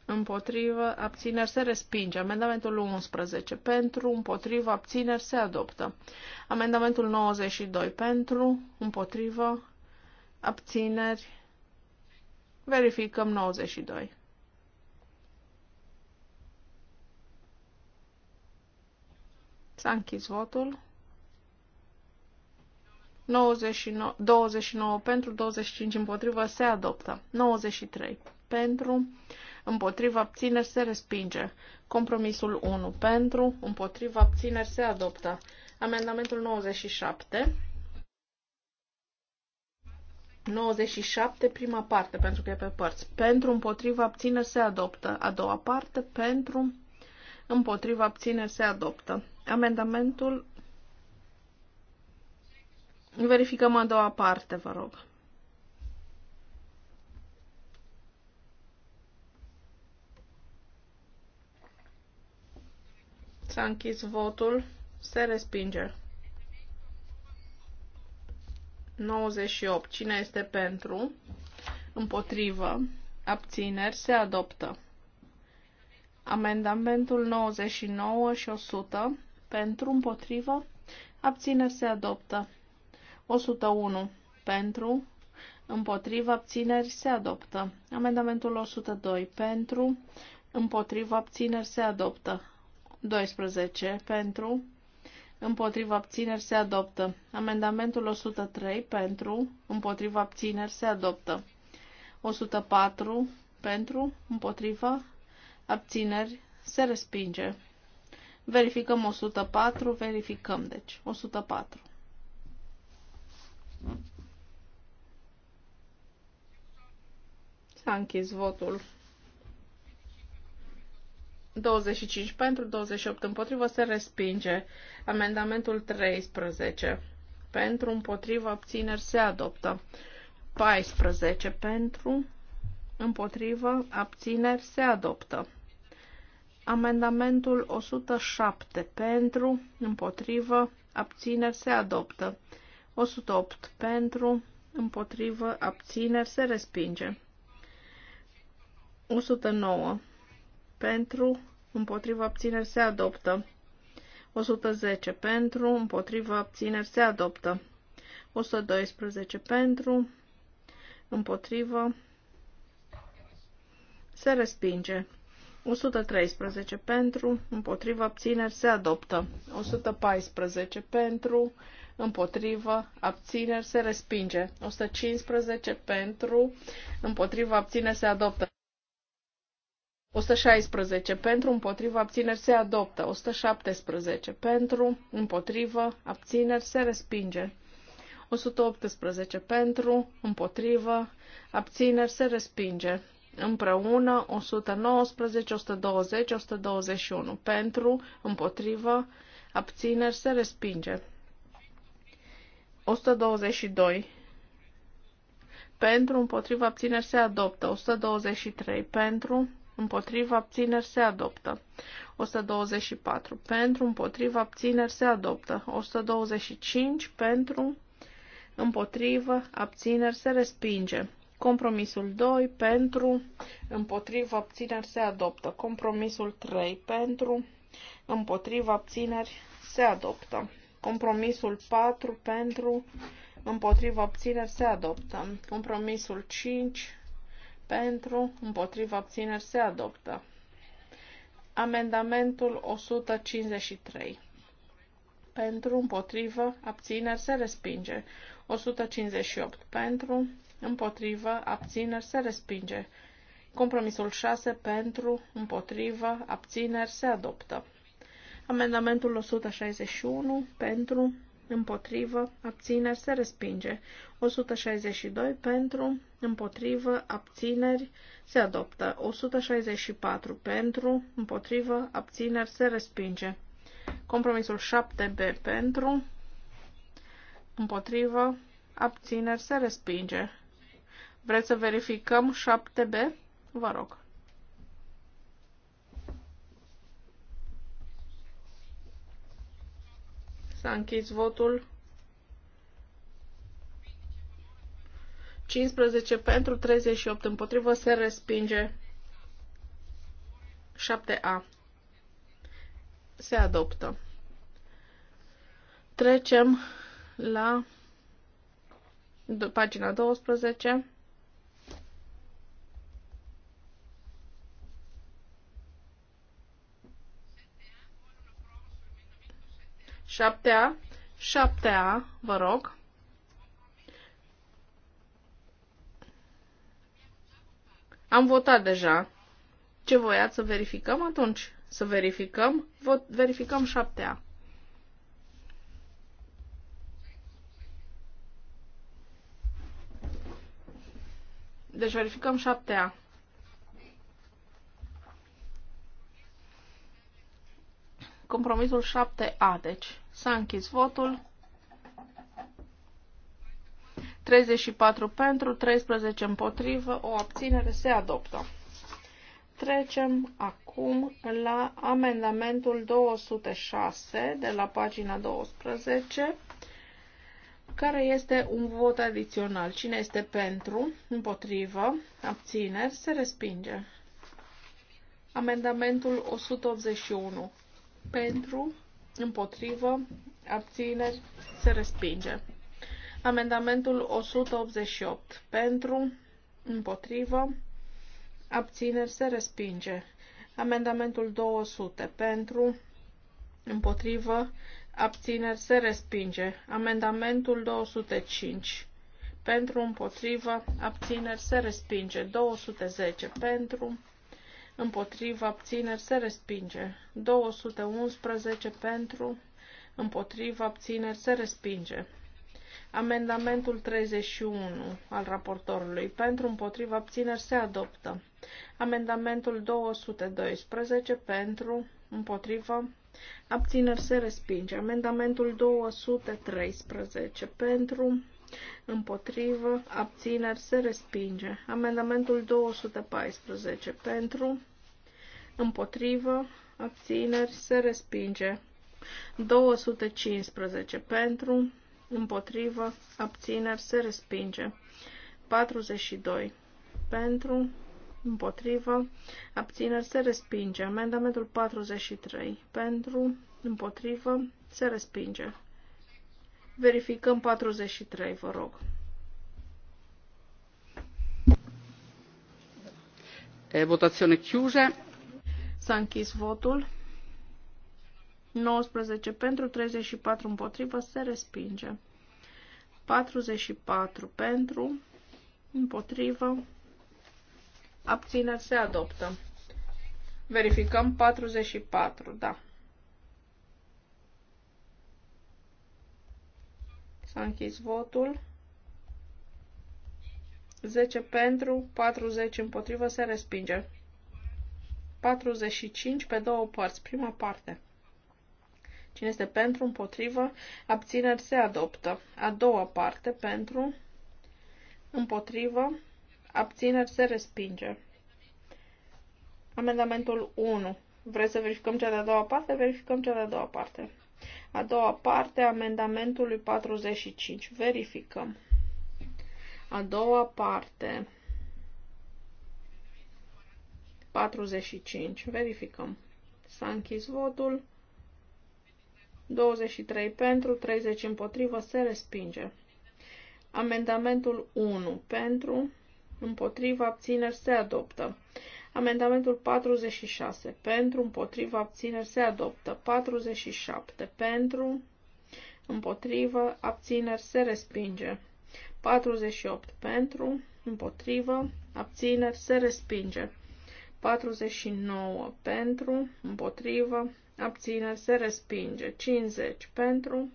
împotrivă, abțineri se respinge. Amendamentul 11 pentru, împotrivă, abțineri se adoptă. Amendamentul 92 pentru, împotrivă, abțineri. Verificăm 92. S-a închis votul. 99, 29 pentru, 25 împotrivă, se adoptă. 93 pentru, împotriva abțineri se respinge. Compromisul 1 pentru, împotriva abțineri se adoptă. Amendamentul 97. 97, prima parte, pentru că e pe părți. Pentru, împotriva, abțineri se adoptă. A doua parte, pentru, împotriva, abțineri se adoptă. Amendamentul. Verificăm a doua parte, vă rog. S-a închis votul. Se respinge. 98. Cine este pentru? Împotrivă. Abțineri. Se adoptă. Amendamentul 99 și 100. Pentru. Împotrivă. Abțineri. Se adoptă. 101. Pentru. Împotrivă. Abțineri. Se adoptă. Amendamentul 102. Pentru. Împotrivă. Abțineri. Se adoptă. 12 pentru, împotriva abțineri se adoptă. Amendamentul 103 pentru, împotriva abțineri se adoptă. 104 pentru, împotriva abțineri se respinge. Verificăm 104, verificăm deci 104. S-a închis votul. 25 pentru, 28 împotrivă, se respinge. Amendamentul 13 pentru, împotrivă, abțineri, se adoptă. 14 pentru, împotrivă, abțineri, se adoptă. Amendamentul 107 pentru, împotrivă, abțineri, se adoptă. 108 pentru, împotrivă, abțineri, se respinge. 109 pentru, împotriva abțineri se adoptă. 110 pentru, împotriva abțineri se adoptă. 112 pentru, împotrivă, se respinge. 113 pentru, împotriva abțineri se adoptă. 114 pentru, împotrivă, abțineri se respinge. 115 pentru, împotriva abțineri se adoptă. 116 pentru, împotriva, abțineri se adoptă. 117 pentru, împotriva, abțineri se respinge. 118 pentru, împotrivă, abțineri se respinge. Împreună 119, 120, 121 pentru, împotrivă, abțineri se respinge. 122 pentru, împotrivă, abțineri se adoptă. 123 pentru, împotriva abțineri se adoptă. 124 pentru, împotriva abțineri se adoptă. 125 pentru, împotriva abțineri se respinge. Compromisul 2 pentru, împotriva abțineri se adoptă. Compromisul 3 pentru, împotriva abțineri se adoptă. Compromisul 4 pentru, împotriva abțineri se adoptă. Compromisul 5 pentru, împotriva abțineri se adoptă. Amendamentul 153 pentru, împotrivă, abțineri se respinge. 158 pentru, împotrivă, abțineri se respinge. Compromisul 6 pentru, împotrivă, abțineri se adoptă. Amendamentul 161 pentru, împotrivă, abțineri, se respinge. 162 pentru, împotrivă, abțineri, se adoptă. 164 pentru, împotrivă, abțineri, se respinge. Compromisul 7B pentru, împotrivă, abțineri, se respinge. Vreți să verificăm 7B? Vă rog. S-a închis votul. 15 pentru, 38 împotrivă, se respinge. 7A. Se adoptă. Trecem la pagina 12. șaptea, șaptea vă rog. Am votat deja. Ce voiați să verificăm atunci? Să verificăm? Vot, verificăm șaptea. Deci verificăm șaptea. Compromisul 7A, deci. S-a închis votul. 34 pentru, 13 împotrivă, o abținere se adoptă. Trecem acum la amendamentul 206 de la pagina 12, care este un vot adițional. Cine este pentru, împotrivă, abțineri, se respinge. Amendamentul 181 pentru, împotrivă, abțineri, se respinge. Amendamentul 188 pentru, împotrivă, abțineri, se respinge. Amendamentul 200 pentru, împotrivă, abțineri, se respinge. Amendamentul 205 pentru, împotrivă, abțineri, se respinge. 210 pentru, împotriva abțineri se respinge. 211 pentru, împotriva abțineri se respinge. Amendamentul 31 al raportorului pentru împotriva abțineri se adoptă. Amendamentul 212 pentru împotriva abțineri se respinge. Amendamentul 213 pentru împotrivă, abțineri, se respinge. Amendamentul 214 pentru, împotrivă, abțineri, se respinge. 215 pentru, împotrivă, abțineri, se respinge. 42 pentru, împotrivă, abțineri, se respinge. Amendamentul 43 pentru, împotrivă, se respinge. Verificăm 43, vă rog. E votazione chiuse. S-a închis votul. 19 pentru, 34 împotrivă, se respinge. 44 pentru, împotrivă, abțineri se adoptă. Verificăm 44, da. S-a închis votul. 10 pentru, 40 împotrivă, se respinge. 45 pe două părți, prima parte. Cine este pentru, împotrivă, abțineri se adoptă. A doua parte, pentru, împotrivă, abțineri se respinge. Amendamentul 1. Vreți să verificăm cea de-a doua parte? Verificăm cea de-a doua parte. A doua parte a amendamentului 45. Verificăm. A doua parte. 45. Verificăm. S-a închis votul. 23 pentru, 30 împotrivă, se respinge. Amendamentul 1 pentru, împotrivă, abțineri, se adoptă. Amendamentul 46 pentru, împotriva, abțineri se adoptă. 47 pentru, împotriva, abțineri se respinge. 48 pentru, împotrivă, abțineri, se respinge. 49 pentru, împotrivă, abțineri, se respinge. 50 pentru,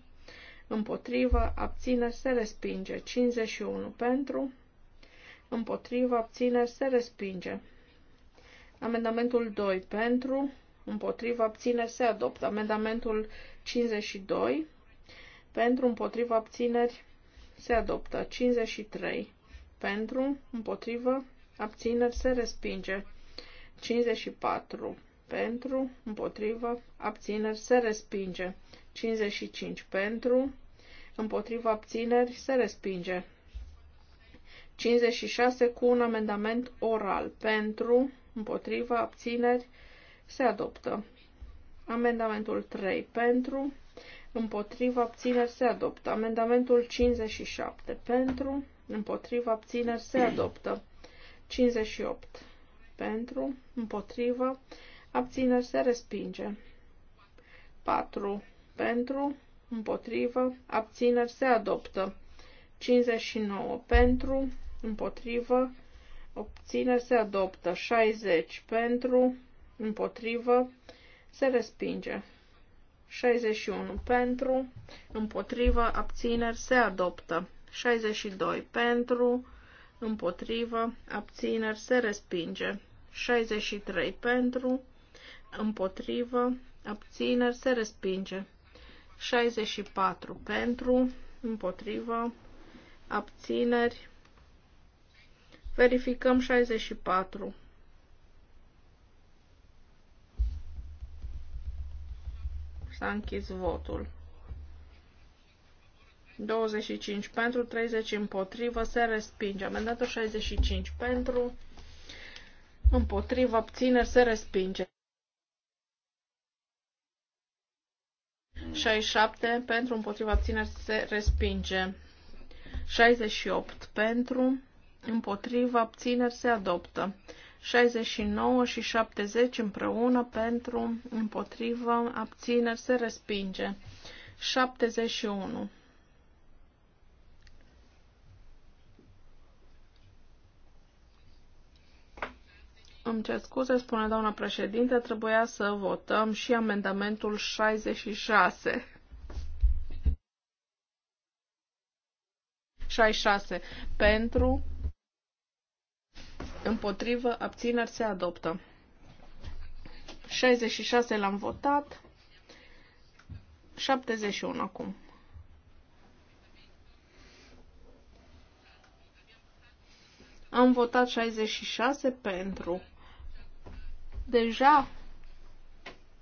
împotrivă, abțineri, se respinge. 51 pentru, împotrivă, abțineri, se respinge. Amendamentul 2 pentru, împotriva abțineri se adoptă. Amendamentul 52 pentru, împotriva abțineri se adoptă. 53 pentru, împotriva abțineri se respinge. 54 pentru, împotriva abțineri se respinge. 55 pentru, împotriva abțineri se respinge. 56 cu un amendament oral pentru, împotriva abțineri, se adoptă. Amendamentul 3 pentru, împotriva abțineri, se adoptă. Amendamentul 57 pentru, împotriva abțineri, se adoptă. 58 pentru, împotriva abțineri, se respinge. 4 pentru, împotriva abțineri, se adoptă. 59 pentru, împotrivă, obține, se adoptă. 60 pentru, împotrivă, se respinge. 61 pentru, împotrivă, abțineri, se adoptă. 62 pentru, împotrivă, abțineri, se respinge. 63 pentru, împotrivă, abțineri, se respinge. 64 pentru, împotrivă, abțineri, Verificăm 64. S-a închis votul. 25 pentru, 30 împotrivă, se respinge. Amendatul 65 pentru, împotrivă, abțineri, se respinge. 67 pentru, împotrivă, abțineri, se respinge. 68 pentru, împotriva abțineri se adoptă. 69 și 70 împreună pentru împotriva abțineri se respinge. 71. Îmi cer scuze, spune doamna președinte, trebuia să votăm și amendamentul 66. 66 pentru împotrivă, abțineri se adoptă. 66 l-am votat. 71 acum. Am votat 66 pentru. Deja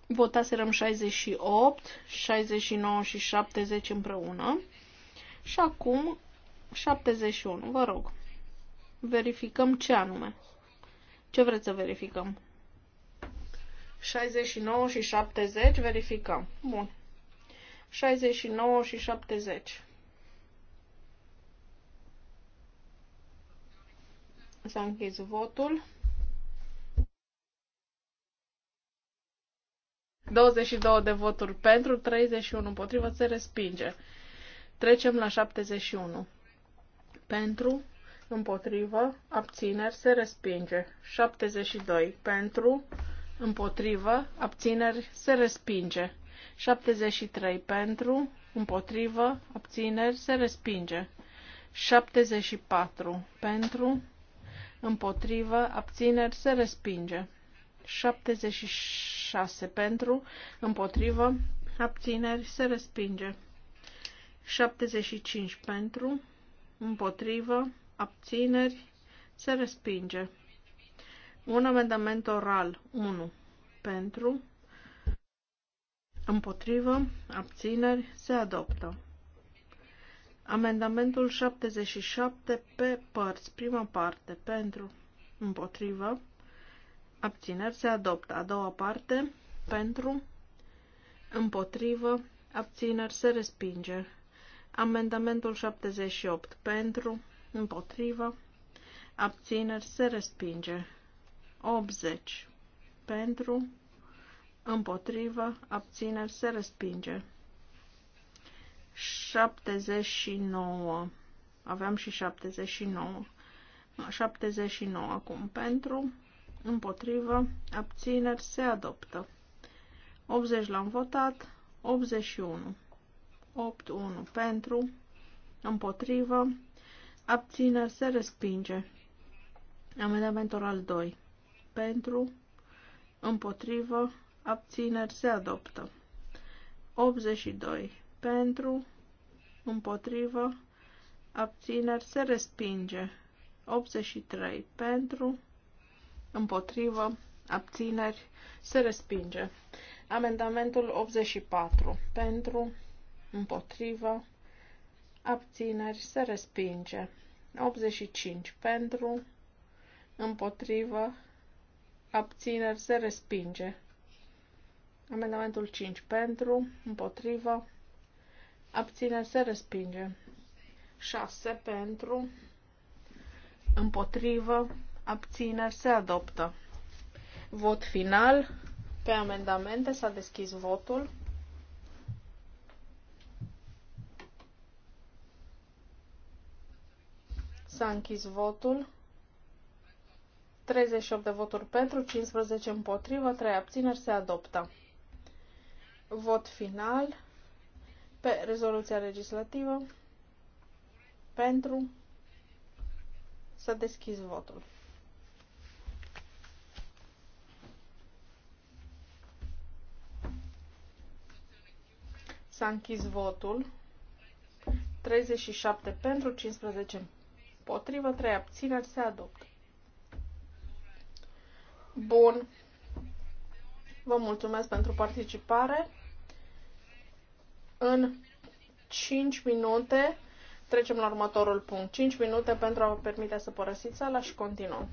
votaserăm 68, 69 și 70 împreună. Și acum 71, vă rog. Verificăm ce anume. Ce vreți să verificăm? 69 și 70, verificăm. Bun. 69 și 70. S-a închis votul. 22 de voturi pentru, 31 împotrivă, se respinge. Trecem la 71. Pentru, împotrivă, abțineri, se respinge. 72 pentru, împotrivă, abțineri, se respinge. 73 pentru, împotrivă, abțineri, se respinge. 74 pentru, împotrivă, abțineri, se respinge. 76 pentru, împotrivă, abțineri, se respinge. 75 pentru, împotrivă, abțineri, se respinge. Un amendament oral 1 pentru, împotrivă, abțineri, se adoptă. Amendamentul 77 pe părți, prima parte, pentru, împotrivă, abțineri, se adoptă. A doua parte, pentru, împotrivă, abțineri, se respinge. Amendamentul 78 pentru, împotrivă, abțineri se respinge. 80 pentru, împotrivă, abțineri se respinge. 79. Aveam și 79. 79 acum pentru, împotrivă, abțineri se adoptă. 80 l-am votat, 81. 8-1 pentru, împotrivă, Abțineri se respinge. Amendamentul al 2. Pentru, împotrivă, abțineri se adoptă. 82. Pentru, împotrivă, abțineri se respinge. 83. Pentru, împotrivă, abțineri se respinge. Amendamentul 84. Pentru, împotrivă, abțineri, se respinge. 85 pentru, împotrivă, abțineri, se respinge. Amendamentul 5 pentru, împotrivă, abțineri, se respinge. 6 pentru, împotrivă, abțineri, se adoptă. Vot final. Pe amendamente s-a deschis votul. S-a închis votul. 38 de voturi pentru, 15 împotrivă, 3 abțineri se adoptă. Vot final pe rezoluția legislativă pentru să deschis votul. S-a închis votul. 37 pentru, 15 împotrivă, trei abțineri, se adoptă. Bun. Vă mulțumesc pentru participare. În 5 minute trecem la următorul punct. 5 minute pentru a vă permite să părăsiți sala și continuăm.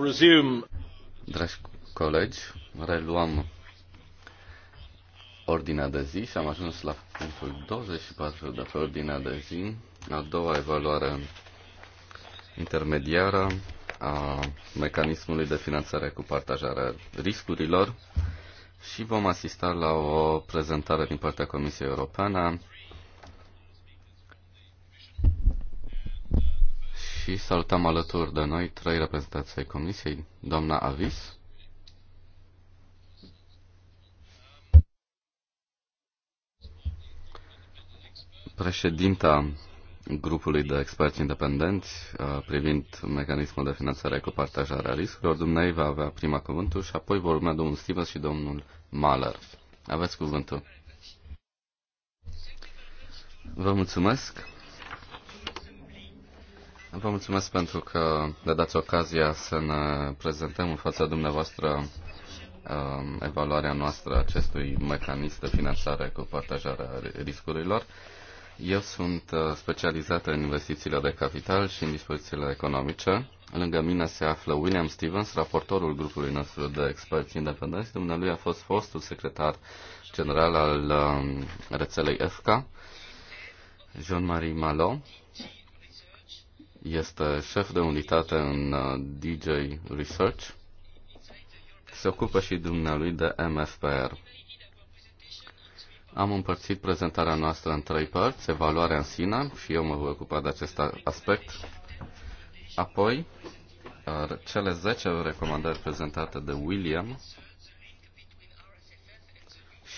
resume. Dragi colegi, reluăm ordinea de zi și am ajuns la punctul 24 de pe ordinea de zi, a doua evaluare intermediară a mecanismului de finanțare cu partajarea riscurilor și vom asista la o prezentare din partea Comisiei Europene și salutăm alături de noi trei reprezentanți ai Comisiei, doamna Avis. Președinta grupului de experți independenți uh, privind mecanismul de finanțare cu partajarea riscurilor, dumnei va avea prima cuvântul și apoi vor urma domnul Stevens și domnul Mahler. Aveți cuvântul. Vă mulțumesc. Vă mulțumesc pentru că ne dați ocazia să ne prezentăm în fața dumneavoastră um, evaluarea noastră acestui mecanism de finanțare cu partajarea riscurilor. Eu sunt uh, specializat în investițiile de capital și în dispozițiile economice. Lângă mine se află William Stevens, raportorul grupului nostru de experți independenți. Dumnealui a fost fostul secretar general al um, rețelei FK, Jean-Marie Malo, este șef de unitate în uh, DJ Research. Se ocupă și dumnealui de MFPR. Am împărțit prezentarea noastră în trei părți, evaluarea în sine și eu mă voi ocupa de acest aspect. Apoi, cele 10 recomandări prezentate de William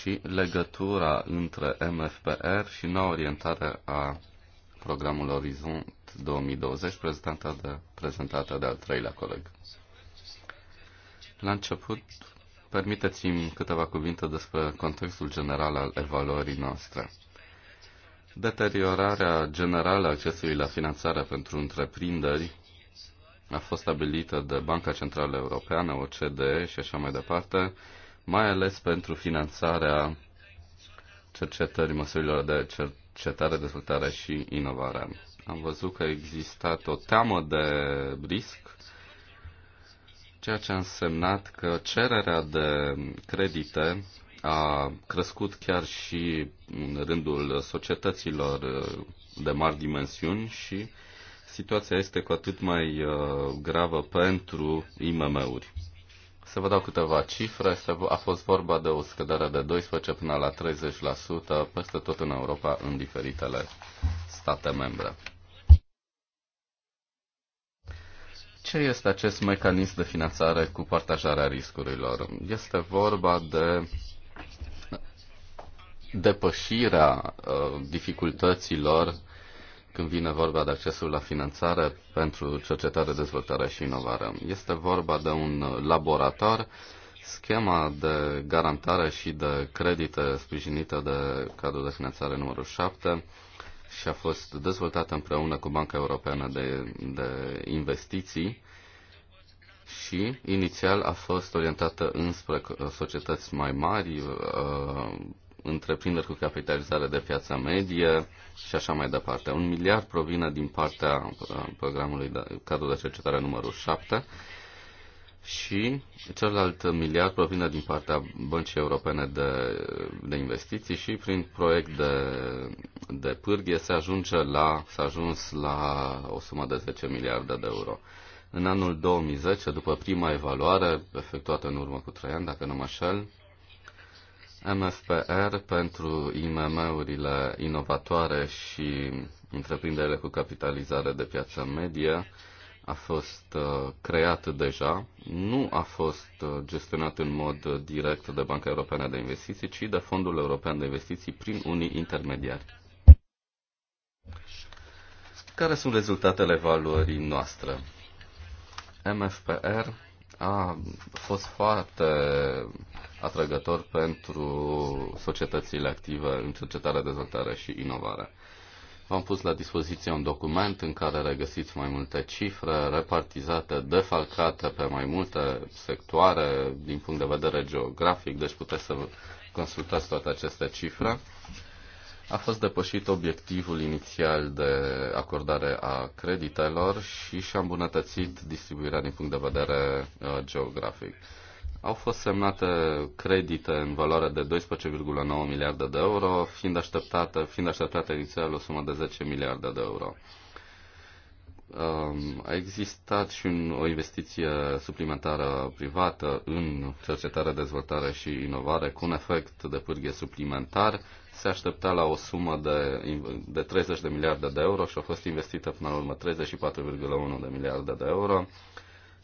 și legătura între MFPR și noua orientare a programului Orizont 2020, prezentată de, prezentată de al treilea coleg. La început, permiteți-mi câteva cuvinte despre contextul general al evaluării noastre. Deteriorarea generală a accesului la finanțare pentru întreprinderi a fost stabilită de Banca Centrală Europeană, OCDE și așa mai departe, mai ales pentru finanțarea cercetării măsurilor de cercetare, dezvoltare și inovare. Am văzut că exista o teamă de risc, ceea ce a însemnat că cererea de credite a crescut chiar și în rândul societăților de mari dimensiuni și situația este cu atât mai uh, gravă pentru IMM-uri. Să vă dau câteva cifre. A fost vorba de o scădere de 12 până la 30% peste tot în Europa, în diferitele state membre. Ce este acest mecanism de finanțare cu partajarea riscurilor? Este vorba de depășirea uh, dificultăților când vine vorba de accesul la finanțare pentru cercetare, dezvoltare și inovare. Este vorba de un laborator, schema de garantare și de credite sprijinită de cadrul de finanțare numărul 7 și a fost dezvoltată împreună cu Banca Europeană de, de Investiții și inițial a fost orientată înspre societăți mai mari, uh, întreprinderi cu capitalizare de piață medie și așa mai departe. Un miliard provine din partea uh, programului de, cadru de cercetare numărul 7 și celălalt miliard provine din partea Băncii Europene de, de Investiții și prin proiect de, de pârghie se ajunge la, s-a ajuns la o sumă de 10 miliarde de euro. În anul 2010, după prima evaluare efectuată în urmă cu trei ani, dacă nu mă șel, MFPR pentru IMM-urile inovatoare și întreprinderile cu capitalizare de piață medie a fost uh, creat deja, nu a fost uh, gestionat în mod direct de Banca Europeană de Investiții, ci de Fondul European de Investiții prin unii intermediari. Care sunt rezultatele evaluării noastre? MFPR a fost foarte atrăgător pentru societățile active în cercetare, dezvoltare și inovare. V-am pus la dispoziție un document în care regăsiți mai multe cifre repartizate, defalcate pe mai multe sectoare din punct de vedere geografic, deci puteți să consultați toate aceste cifre a fost depășit obiectivul inițial de acordare a creditelor și și-a îmbunătățit distribuirea din punct de vedere uh, geografic. Au fost semnate credite în valoare de 12,9 miliarde de euro, fiind așteptată, fiind așteptată inițial o sumă de 10 miliarde de euro. Um, a existat și un, o investiție suplimentară privată în cercetare, dezvoltare și inovare cu un efect de pârghie suplimentar se aștepta la o sumă de, de 30 de miliarde de euro și a fost investită până la urmă 34,1 de miliarde de euro.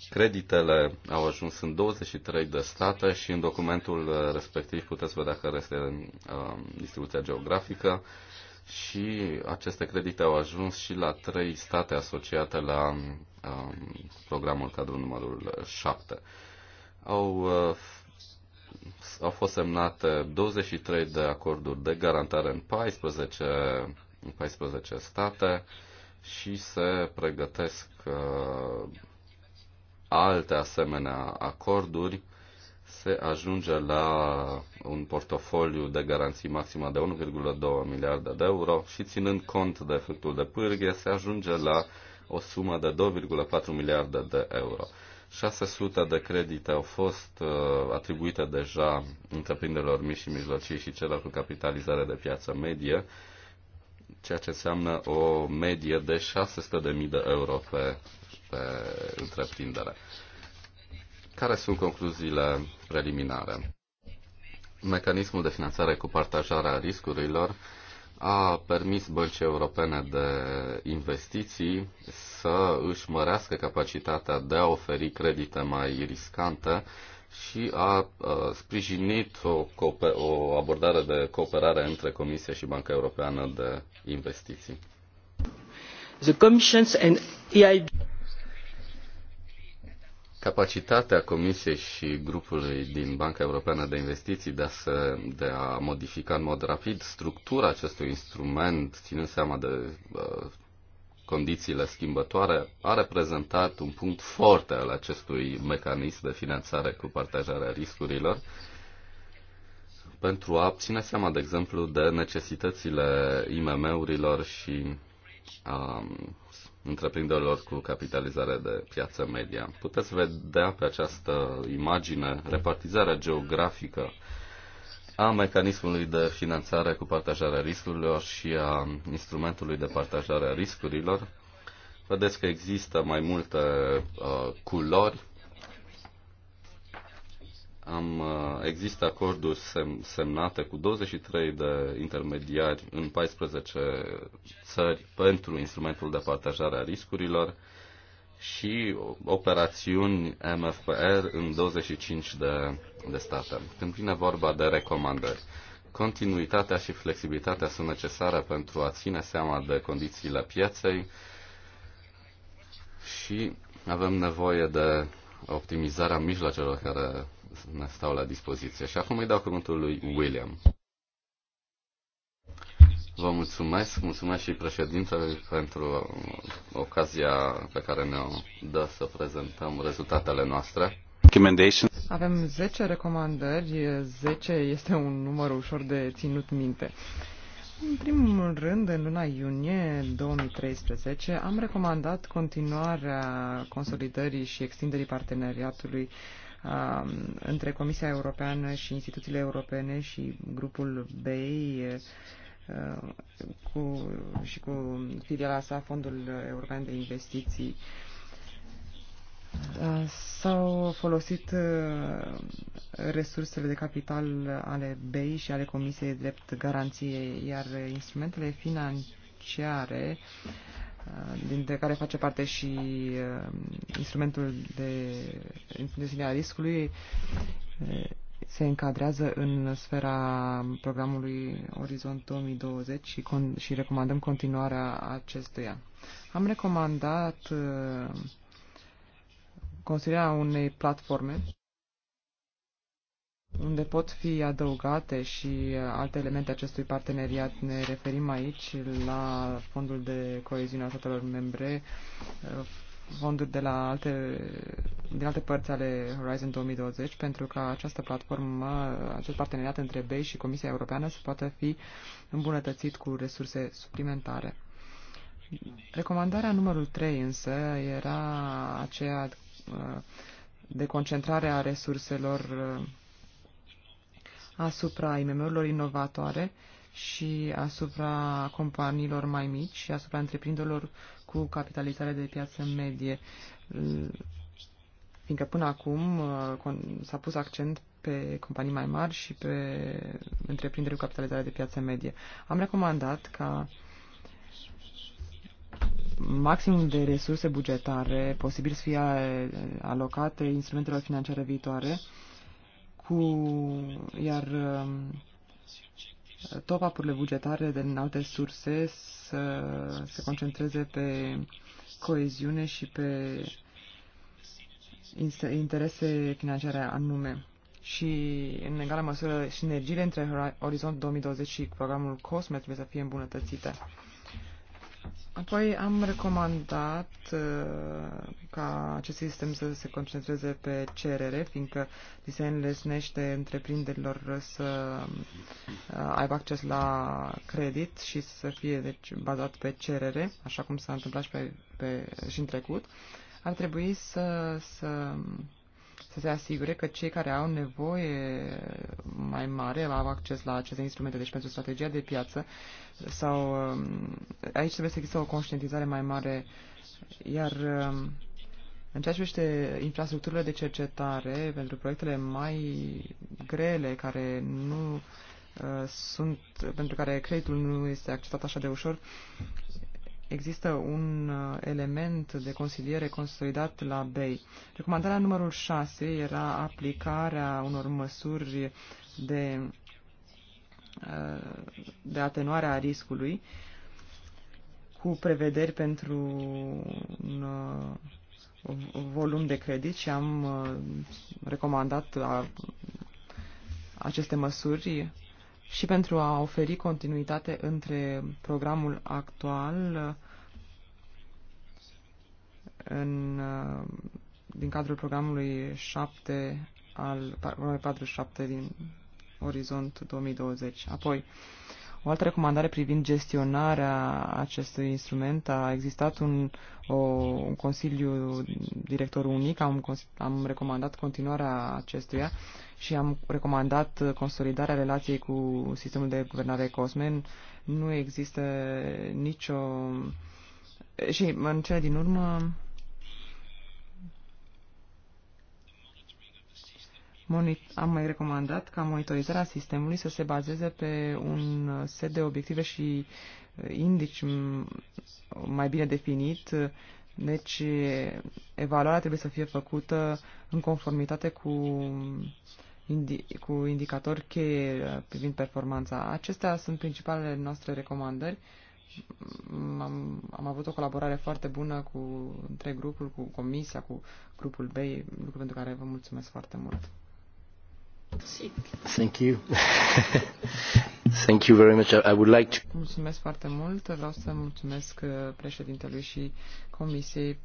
Creditele au ajuns în 23 de state și în documentul respectiv puteți vedea care este um, distribuția geografică și aceste credite au ajuns și la trei state asociate la um, programul cadru numărul 7. Au uh, au fost semnate 23 de acorduri de garantare în 14, în 14 state și se pregătesc uh, alte asemenea acorduri. Se ajunge la un portofoliu de garanții maximă de 1,2 miliarde de euro și ținând cont de efectul de pârghie se ajunge la o sumă de 2,4 miliarde de euro. 600 de credite au fost uh, atribuite deja întreprinderilor mici și mijlocii și celor cu capitalizare de piață medie, ceea ce înseamnă o medie de 600.000 de euro pe, pe întreprindere. Care sunt concluziile preliminare? Mecanismul de finanțare cu partajarea riscurilor a permis băncii europene de investiții să își mărească capacitatea de a oferi credite mai riscante și a, sprijinit o, o abordare de cooperare între Comisia și Banca Europeană de Investiții. The Commission and EIB Capacitatea Comisiei și grupului din Banca Europeană de Investiții de a, să, de a modifica în mod rapid structura acestui instrument, ținând seama de uh, condițiile schimbătoare, a reprezentat un punct foarte al acestui mecanism de finanțare cu partajarea riscurilor pentru a ține seama, de exemplu, de necesitățile IMM-urilor și um, întreprinderilor cu capitalizare de piață media. Puteți vedea pe această imagine repartizarea geografică a mecanismului de finanțare cu partajarea riscurilor și a instrumentului de partajare a riscurilor. Vedeți că există mai multe uh, culori am, uh, există acorduri sem, semnate cu 23 de intermediari în 14 țări pentru instrumentul de partajare a riscurilor și operațiuni MFPR în 25 de, de state. Când vine vorba de recomandări, continuitatea și flexibilitatea sunt necesare pentru a ține seama de condițiile pieței și avem nevoie de optimizarea mijloacelor care stau la dispoziție. Și acum îi dau cuvântul lui William. Vă mulțumesc, mulțumesc și președintele pentru ocazia pe care ne-o dă să prezentăm rezultatele noastre. Avem 10 recomandări, 10 este un număr ușor de ținut minte. În primul rând, în luna iunie 2013, am recomandat continuarea consolidării și extinderii parteneriatului uh, Um, între Comisia Europeană și instituțiile europene și grupul BEI uh, cu, și cu filiala sa, Fondul European de Investiții, uh, S-au folosit uh, resursele de capital ale BEI și ale Comisiei drept garanție, iar instrumentele financiare uh, Uh, dintre care face parte și uh, instrumentul de intensificare a riscului, uh, se încadrează în sfera programului Orizont 2020 și, con- și recomandăm continuarea acestuia. Am recomandat construirea unei platforme unde pot fi adăugate și alte elemente acestui parteneriat. Ne referim aici la fondul de coeziune a statelor membre, fonduri de la alte, din alte părți ale Horizon 2020 pentru ca această platformă, acest parteneriat între BEI și Comisia Europeană să poată fi îmbunătățit cu resurse suplimentare. Recomandarea numărul 3 însă era aceea uh, de concentrare a resurselor uh, asupra IMM-urilor inovatoare și asupra companiilor mai mici și asupra întreprinderilor cu capitalizare de piață medie. Fiindcă până acum uh, s-a pus accent pe companii mai mari și pe întreprinderi cu capitalizare de piață medie. Am recomandat ca maximum de resurse bugetare posibil să fie uh, alocate instrumentelor financiare viitoare cu, iar um, top urile bugetare din alte surse să se concentreze pe coeziune și pe interese financiare anume. Și, în egală măsură, sinergiile între Horizont 2020 și programul COSME trebuie să fie îmbunătățite. Apoi am recomandat uh, ca acest sistem să se concentreze pe cerere, fiindcă design lesnește întreprinderilor să uh, aibă acces la credit și să fie deci, bazat pe cerere, așa cum s-a întâmplat și, pe, pe, și în trecut. Ar trebui să, să să se asigure că cei care au nevoie mai mare au acces la aceste instrumente. Deci pentru strategia de piață sau um, aici trebuie să există o conștientizare mai mare, iar um, în ceea ce privește infrastructurile de cercetare pentru proiectele mai grele care nu uh, sunt, pentru care creditul nu este acceptat așa de ușor, există un uh, element de consiliere consolidat la BEI. Recomandarea numărul 6 era aplicarea unor măsuri de, uh, de atenuare a riscului cu prevederi pentru un uh, volum de credit și am recomandat aceste măsuri și pentru a oferi continuitate între programul actual în, din cadrul programului 7 al 47 din Orizont 2020. Apoi, o altă recomandare privind gestionarea acestui instrument a existat un, o, un consiliu director unic, am, am recomandat continuarea acestuia și am recomandat consolidarea relației cu sistemul de guvernare Cosmen. Nu există nicio... Și în cele din urmă, am mai recomandat ca monitorizarea sistemului să se bazeze pe un set de obiective și uh, indici mai bine definit deci, evaluarea trebuie să fie făcută în conformitate cu, indi, cu indicatori cheie privind performanța. Acestea sunt principalele noastre recomandări. Am, am avut o colaborare foarte bună cu între grupul, cu comisia, cu grupul B, lucru pentru care vă mulțumesc foarte mult. Thank you. (laughs) Thank you very much. I would like to... Mulțumesc foarte mult. Vreau să mulțumesc uh, președintelui și comisiei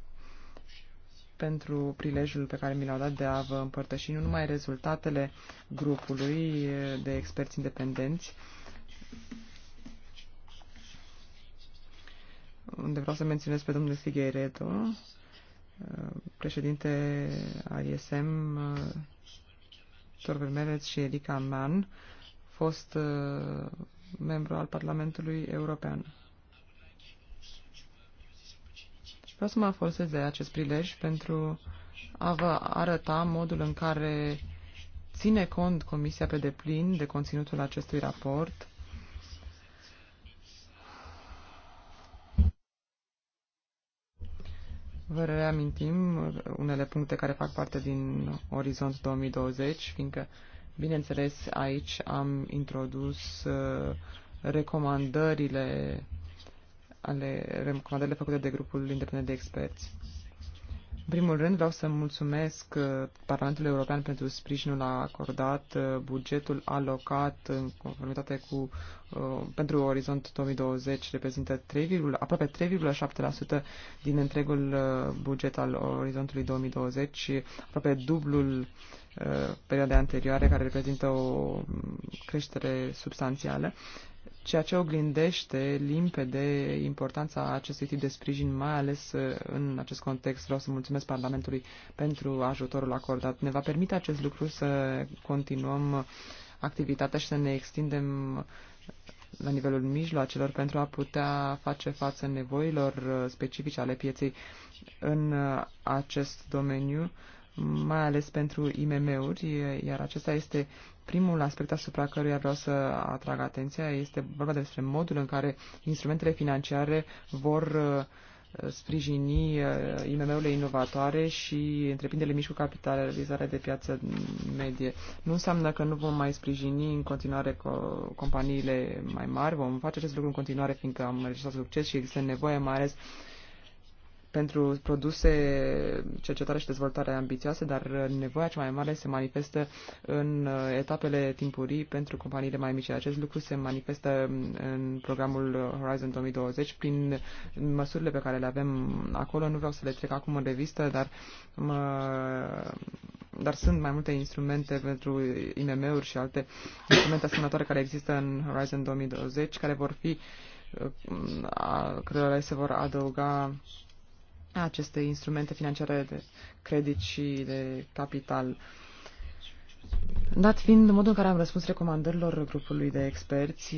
pentru prilejul pe care mi l-au dat de a vă împărtăși nu numai rezultatele grupului uh, de experți independenți, unde vreau să menționez pe domnul Figueiredo, uh, președinte ISM, Torben Meleț și Elica Mann, fost uh, membru al Parlamentului European. Deci vreau să mă folosesc de acest prilej pentru a vă arăta modul în care ține cont Comisia pe deplin de conținutul acestui raport Vă reamintim unele puncte care fac parte din Orizont 2020, fiindcă, bineînțeles, aici am introdus uh, recomandările ale recomandările făcute de grupul independent de experți primul rând vreau să mulțumesc uh, Parlamentului European pentru sprijinul acordat, uh, bugetul alocat în conformitate cu uh, pentru Orizont 2020 reprezintă 3, aproape 3,7% din întregul buget al Orizontului 2020, aproape dublul perioadei anterioare, care reprezintă o mm, creștere substanțială ceea ce oglindește limpede importanța acestui tip de sprijin, mai ales uh, în acest context. Vreau să mulțumesc Parlamentului pentru ajutorul acordat. Ne va permite acest lucru să continuăm activitatea și să ne extindem la nivelul mijloacelor pentru a putea face față nevoilor uh, specifice ale pieței în uh, acest domeniu, mai ales pentru IMM-uri, iar acesta este Primul aspect asupra căruia vreau să atrag atenția este vorba despre modul în care instrumentele financiare vor uh, sprijini uh, IMM-urile inovatoare și întreprinderile mici cu capitalizare de piață medie. Nu înseamnă că nu vom mai sprijini în continuare companiile mai mari, vom face acest lucru în continuare fiindcă am înregistrat succes și există nevoie mai ales pentru produse, cercetare și dezvoltare ambițioase, dar nevoia cea mai mare se manifestă în uh, etapele timpurii pentru companiile mai mici. Acest lucru se manifestă în programul Horizon 2020 prin măsurile pe care le avem acolo. Nu vreau să le trec acum în revistă, dar mă dar sunt mai multe instrumente pentru IMM-uri și alte instrumente asemănătoare care există în Horizon 2020, care vor fi, uh, care se vor adăuga aceste instrumente financiare de credit și de capital. Dat fiind modul în care am răspuns recomandărilor grupului de experți,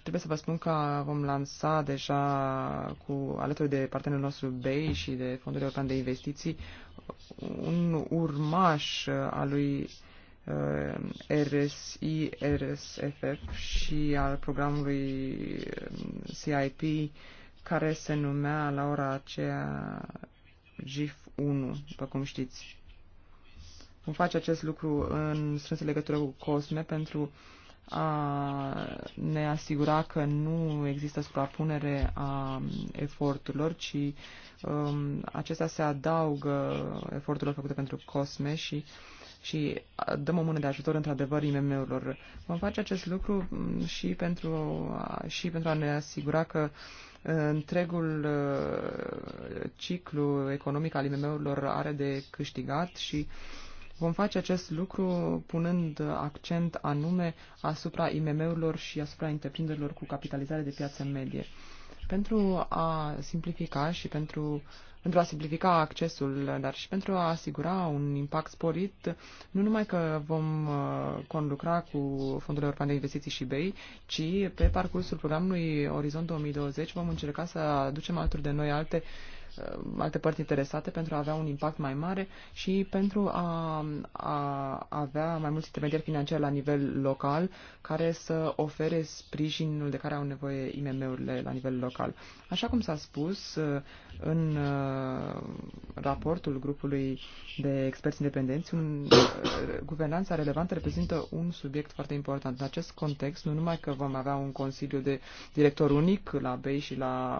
trebuie să vă spun că vom lansa deja cu alături de partenerul nostru BEI și de Fondul European de Investiții un urmaș al lui uh, RSI, RSFF și al programului uh, CIP care se numea la ora aceea GIF 1, după cum știți. Vom face acest lucru în strânsă legătură cu COSME pentru a ne asigura că nu există suprapunere a eforturilor, ci um, acestea se adaugă eforturilor făcute pentru COSME și și dăm o mână de ajutor într-adevăr IMM-urilor. Vom face acest lucru um, și pentru, și pentru a ne asigura că uh, întregul uh, ciclu economic al IMM-urilor are de câștigat și vom face acest lucru punând accent anume asupra IMM-urilor și asupra întreprinderilor cu capitalizare de piață medie. Pentru a simplifica și pentru pentru a simplifica accesul, dar și pentru a asigura un impact sporit, nu numai că vom uh, conlucra cu Fondul European de Investiții și BEI, ci pe parcursul programului Orizont 2020 vom încerca să aducem alături de noi alte uh, Uh, alte părți interesate pentru a avea un impact mai mare și pentru a, a avea mai mulți intermediari financiari la nivel local care să ofere sprijinul de care au nevoie IMM-urile la nivel local. Așa cum s-a spus uh, în uh, raportul grupului de experți independenți, un, guvernanța relevantă reprezintă un subiect foarte important. În acest context, nu numai că vom avea un consiliu de director unic la BEI și la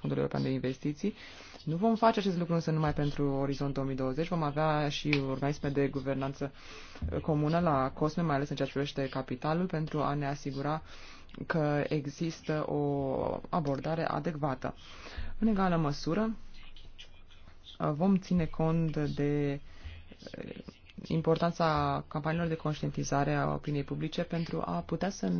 Fondul European de Investiții, deci nu vom face acest lucru însă numai pentru Orizont 2020, vom avea și organisme de guvernanță uh, comună la COSME, mai ales în ceea ce privește capitalul, pentru a ne asigura că există o abordare adecvată. În egală măsură, uh, vom ține cont de uh, importanța campaniilor de conștientizare a opiniei publice pentru a putea să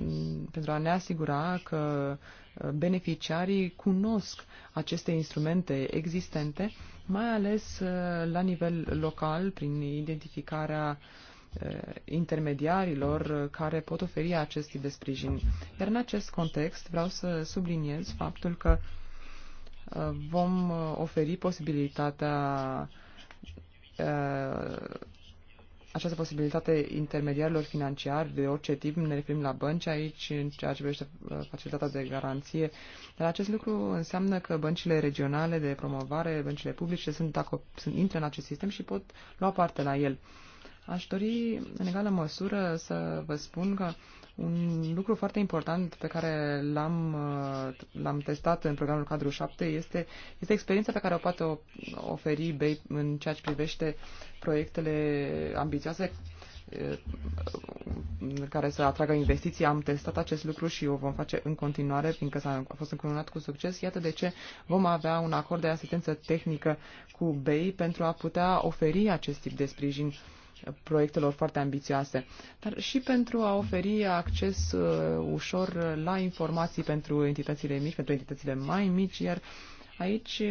Mm, pentru a ne asigura că uh, beneficiarii cunosc aceste instrumente existente, mai ales uh, la nivel local, prin identificarea uh, intermediarilor care pot oferi acest tip de sprijin. Iar în acest context vreau să subliniez faptul că vom oferi posibilitatea această posibilitate intermediarilor financiari de orice tip, ne referim la bănci aici în ceea ce privește uh, facilitatea de garanție, dar acest lucru înseamnă că băncile regionale de promovare, băncile publice sunt, sunt intră în acest sistem și pot lua parte la el. Aș dori în egală măsură să vă spun că un lucru foarte important pe care l-am, uh, l-am testat în programul cadru 7 este, este experiența pe care o poate oferi BEI în ceea ce privește proiectele ambițioase uh, care să atragă investiții. Am testat acest lucru și o vom face în continuare, fiindcă s-a, a fost încununat cu succes. Iată de ce vom avea un acord de asistență tehnică cu BEI pentru a putea oferi acest tip de sprijin uh, proiectelor foarte ambițioase, dar și pentru a oferi acces uh, ușor la informații pentru entitățile mici, pentru entitățile mai mici, iar Aici, uh,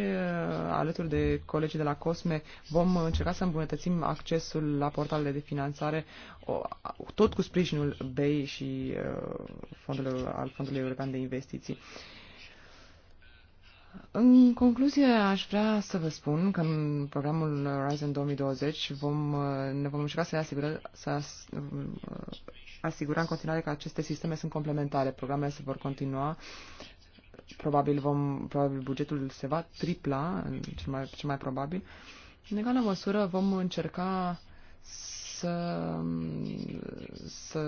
alături de colegii de la COSME, vom încerca să îmbunătățim accesul la portalele de finanțare, tot cu sprijinul BEI și uh, fondul, al Fondului European de Investiții. În concluzie, aș vrea să vă spun că în programul Horizon 2020 vom, ne vom încerca să ne asigurăm, să as, asigura în continuare că aceste sisteme sunt complementare. Programele se vor continua. Probabil, vom, probabil bugetul se va tripla, cel mai, cel mai probabil. În egală măsură vom încerca să, să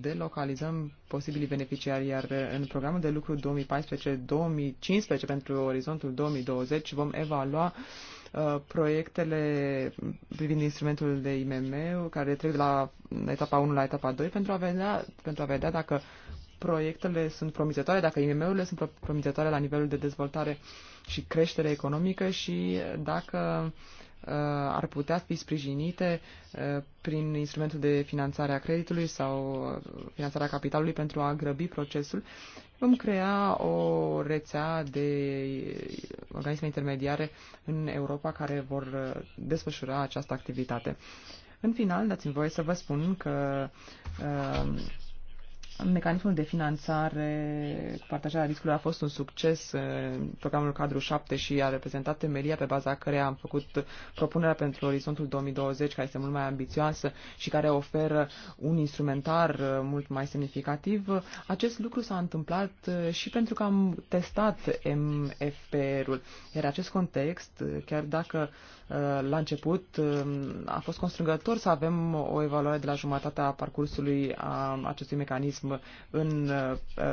delocalizăm posibilii beneficiari, iar în programul de lucru 2014-2015 pentru orizontul 2020 vom evalua uh, proiectele privind instrumentul de IMM care trec de la etapa 1 la etapa 2 pentru a vedea, pentru a vedea dacă proiectele sunt promițătoare, dacă IMM-urile sunt promițătoare la nivelul de dezvoltare și creștere economică și dacă uh, ar putea fi sprijinite uh, prin instrumentul de finanțare a creditului sau uh, finanțarea capitalului pentru a grăbi procesul. Vom crea o rețea de organisme intermediare în Europa care vor uh, desfășura această activitate. În final, dați-mi voie să vă spun că uh, Mecanismul de finanțare, partajarea riscului a fost un succes. Programul cadru 7 și a reprezentat temelia pe baza căreia am făcut propunerea pentru orizontul 2020, care este mult mai ambițioasă și care oferă un instrumentar uh, mult mai semnificativ. Acest lucru s-a întâmplat uh, și pentru că am testat MFPR-ul. Iar acest context, uh, chiar dacă Uh, la început um, a fost constrângător să avem o evaluare de la jumătatea parcursului a acestui mecanism în uh,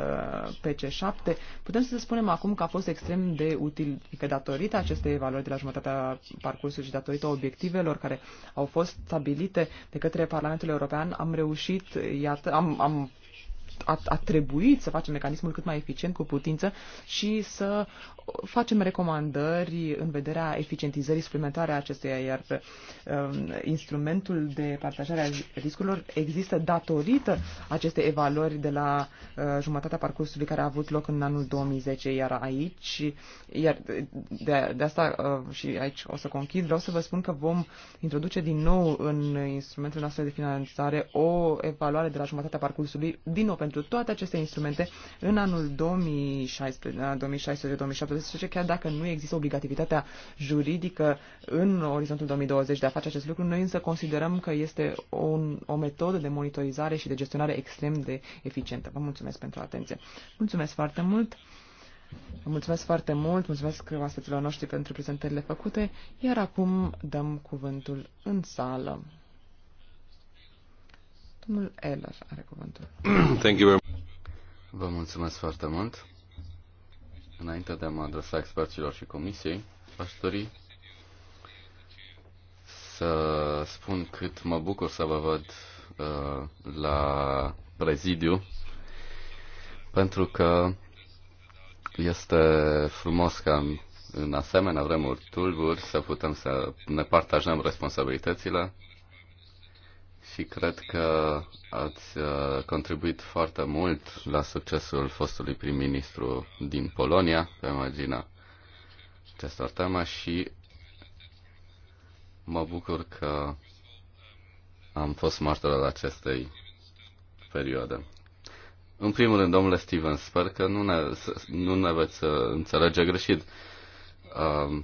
PC7. Putem să spunem acum că a fost extrem de util, că datorită acestei evaluări de la jumătatea parcursului și datorită obiectivelor care au fost stabilite de către Parlamentul European, am reușit, iată, am, am a, a trebuit să facem mecanismul cât mai eficient cu putință și să facem recomandări în vederea eficientizării suplimentare a acestuia, iar um, instrumentul de partajare a riscurilor există datorită acestei evaluări de la uh, jumătatea parcursului care a avut loc în anul 2010, iar aici, iar de, de asta uh, și aici o să conchid, vreau să vă spun că vom introduce din nou în instrumentul nostru de finanțare o evaluare de la jumătatea parcursului din nou pentru toate aceste instrumente în anul 2016-2017, chiar dacă nu există obligativitatea juridică în orizontul 2020 de a face acest lucru, noi însă considerăm că este un, o metodă de monitorizare și de gestionare extrem de eficientă. Vă mulțumesc pentru atenție. Mulțumesc foarte mult! Mulțumesc foarte mult, mulțumesc oaspeților noștri pentru prezentările făcute, iar acum dăm cuvântul în sală. Domnul Eller are cuvântul. (clears throat) Thank you very much. Vă mulțumesc foarte mult. Înainte de a mă adresa experților și comisiei, aș dori să spun cât mă bucur să vă văd uh, la prezidiu, pentru că este frumos ca în asemenea vremuri tulburi să putem să ne partajăm responsabilitățile și cred că ați uh, contribuit foarte mult la succesul fostului prim-ministru din Polonia, pe imagina acestor teme și mă bucur că am fost martor al acestei perioade. În primul rând, domnule Steven, sper că nu ne, nu ne veți uh, înțelege greșit. Uh,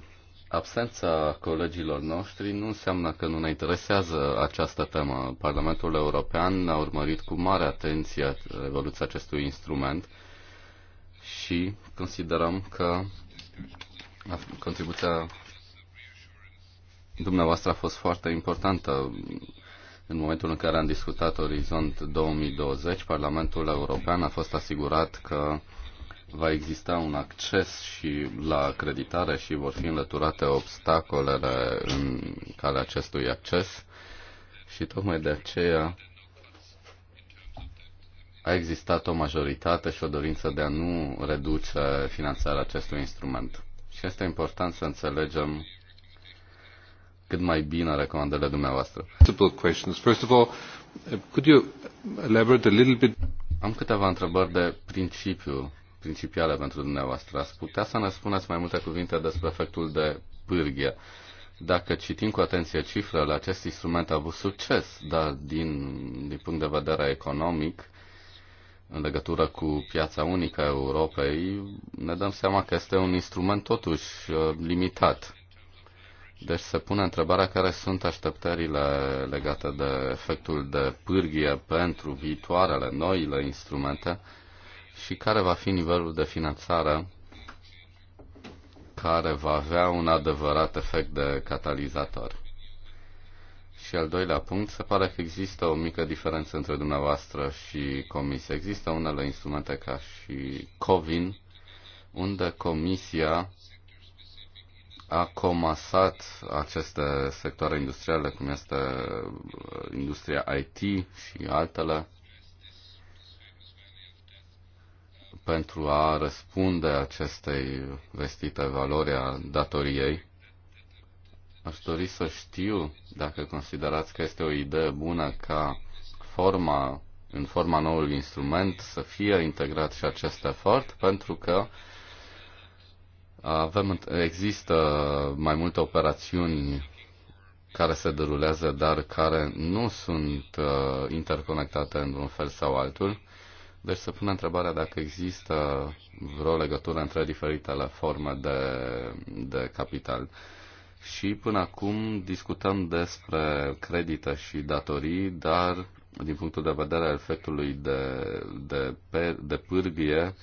Absența colegilor noștri nu înseamnă că nu ne interesează această temă. Parlamentul European a urmărit cu mare atenție evoluția acestui instrument și considerăm că contribuția dumneavoastră a fost foarte importantă. În momentul în care am discutat Orizont 2020, Parlamentul European a fost asigurat că va exista un acces și la acreditare și vor fi înlăturate obstacolele în calea acestui acces și tocmai de aceea a existat o majoritate și o dorință de a nu reduce finanțarea acestui instrument. Și este important să înțelegem cât mai bine recomandările dumneavoastră. First of all, could you elaborate a little bit? Am câteva întrebări de principiu principiale pentru dumneavoastră. Ați putea să ne spuneți mai multe cuvinte despre efectul de pârghie. Dacă citim cu atenție cifrele, acest instrument a avut succes, dar din, din punct de vedere economic, în legătură cu piața unică a Europei, ne dăm seama că este un instrument totuși uh, limitat. Deci se pune întrebarea care sunt așteptările legate de efectul de pârghie pentru viitoarele, noile instrumente și care va fi nivelul de finanțare care va avea un adevărat efect de catalizator. Și al doilea punct, se pare că există o mică diferență între dumneavoastră și comisie. Există unele instrumente ca și COVIN, unde comisia a comasat aceste sectoare industriale, cum este industria IT și altele, pentru a răspunde acestei vestite valori a datoriei. Aș dori să știu dacă considerați că este o idee bună ca forma, în forma noului instrument să fie integrat și acest efort, pentru că avem, există mai multe operațiuni care se derulează, dar care nu sunt uh, interconectate într-un fel sau altul. Deci se pune întrebarea dacă există vreo legătură între diferitele forme de, de capital. Și până acum discutăm despre credite și datorii, dar din punctul de vedere al efectului de, de, pe, de pârghie,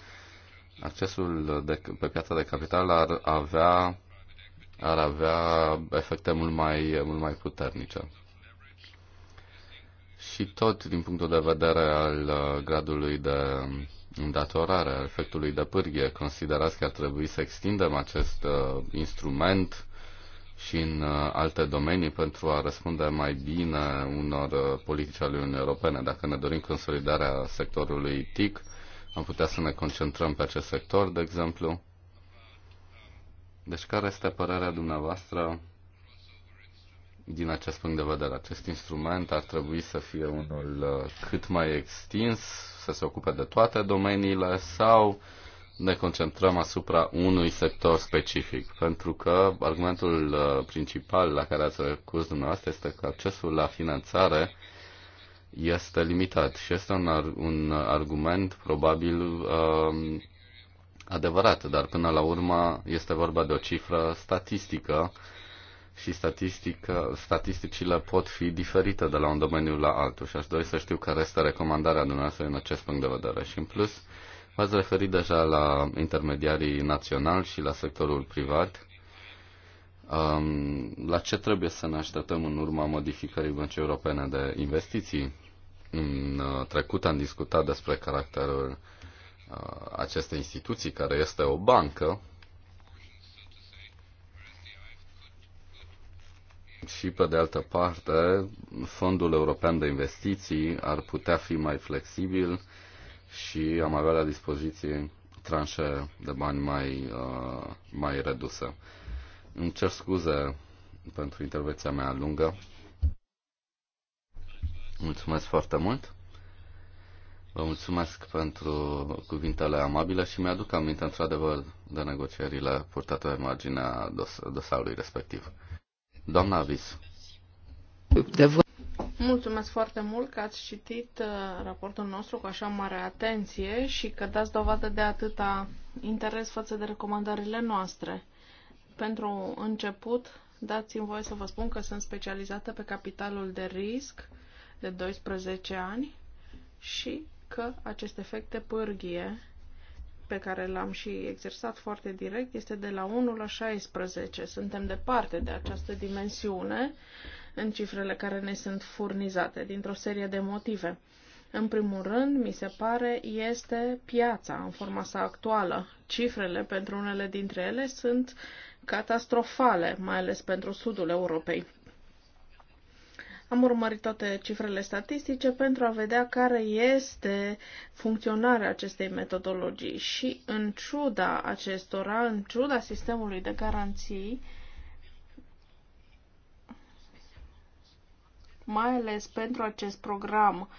accesul de, pe piața de capital ar avea, ar avea efecte mult mai, mult mai puternice și tot din punctul de vedere al uh, gradului de îndatorare, al efectului de pârghie, considerați că ar trebui să extindem acest uh, instrument și în uh, alte domenii pentru a răspunde mai bine unor uh, politici ale Uniunii Europene. Dacă ne dorim consolidarea sectorului TIC, am putea să ne concentrăm pe acest sector, de exemplu. Deci care este părerea dumneavoastră din acest punct de vedere. Acest instrument ar trebui să fie unul uh, cât mai extins, să se ocupe de toate domeniile sau ne concentrăm asupra unui sector specific, pentru că argumentul uh, principal la care ați recurs dumneavoastră este că accesul la finanțare este limitat și este un, ar- un argument probabil uh, adevărat, dar până la urmă este vorba de o cifră statistică uh, și statistică, statisticile pot fi diferite de la un domeniu la altul și aș dori să știu care este recomandarea dumneavoastră în acest punct de vedere. Și în plus, v-ați referit deja la intermediarii naționali și la sectorul privat. Um, la ce trebuie să ne așteptăm în urma modificării Băncii Europene de Investiții? În uh, trecut am discutat despre caracterul uh, acestei instituții, care este o bancă, și, pe de altă parte, Fondul European de Investiții ar putea fi mai flexibil și am avea la dispoziție tranșe de bani mai, uh, mai reduse. Îmi cer scuze pentru intervenția mea lungă. Mulțumesc foarte mult. Vă mulțumesc pentru cuvintele amabile și mi-aduc aminte, într-adevăr, de negocierile purtate pe marginea dos- dosarului respectiv. Doamna Avis. Mulțumesc foarte mult că ați citit uh, raportul nostru cu așa mare atenție și că dați dovadă de atâta interes față de recomandările noastre. Pentru început, dați-mi voie să vă spun că sunt specializată pe capitalul de risc de 12 ani și că acest efect de pârghie pe care l-am și exersat foarte direct este de la 1 la 16. Suntem departe de această dimensiune în cifrele care ne sunt furnizate dintr-o serie de motive. În primul rând, mi se pare, este piața în forma sa actuală. Cifrele pentru unele dintre ele sunt catastrofale, mai ales pentru sudul Europei. Am urmărit toate cifrele statistice pentru a vedea care este funcționarea acestei metodologii și în ciuda acestora, în ciuda sistemului de garanții, mai ales pentru acest program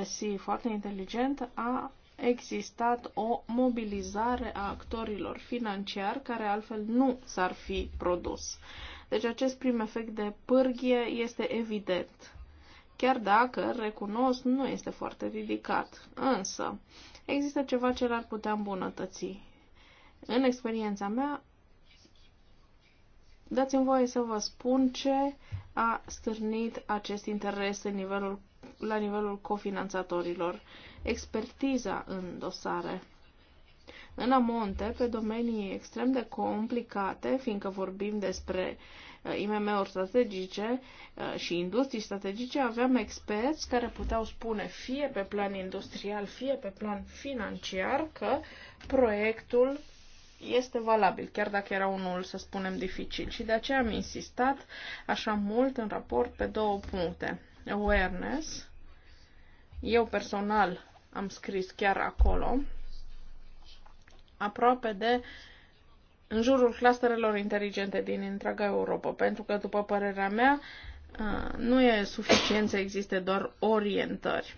RSI foarte inteligent, a existat o mobilizare a actorilor financiari care altfel nu s-ar fi produs. Deci acest prim efect de pârghie este evident. Chiar dacă, recunosc, nu este foarte ridicat. Însă, există ceva ce l-ar putea îmbunătăți. În experiența mea, dați-mi voie să vă spun ce a stârnit acest interes în nivelul, la nivelul cofinanțatorilor. Expertiza în dosare în amonte pe domenii extrem de complicate, fiindcă vorbim despre uh, IMM-uri strategice uh, și industrii strategice, aveam experți care puteau spune fie pe plan industrial, fie pe plan financiar că proiectul este valabil, chiar dacă era unul, să spunem, dificil. Și de aceea am insistat așa mult în raport pe două puncte. Awareness. Eu personal am scris chiar acolo aproape de în jurul clusterelor inteligente din întreaga Europa, pentru că, după părerea mea, nu e suficient să existe doar orientări.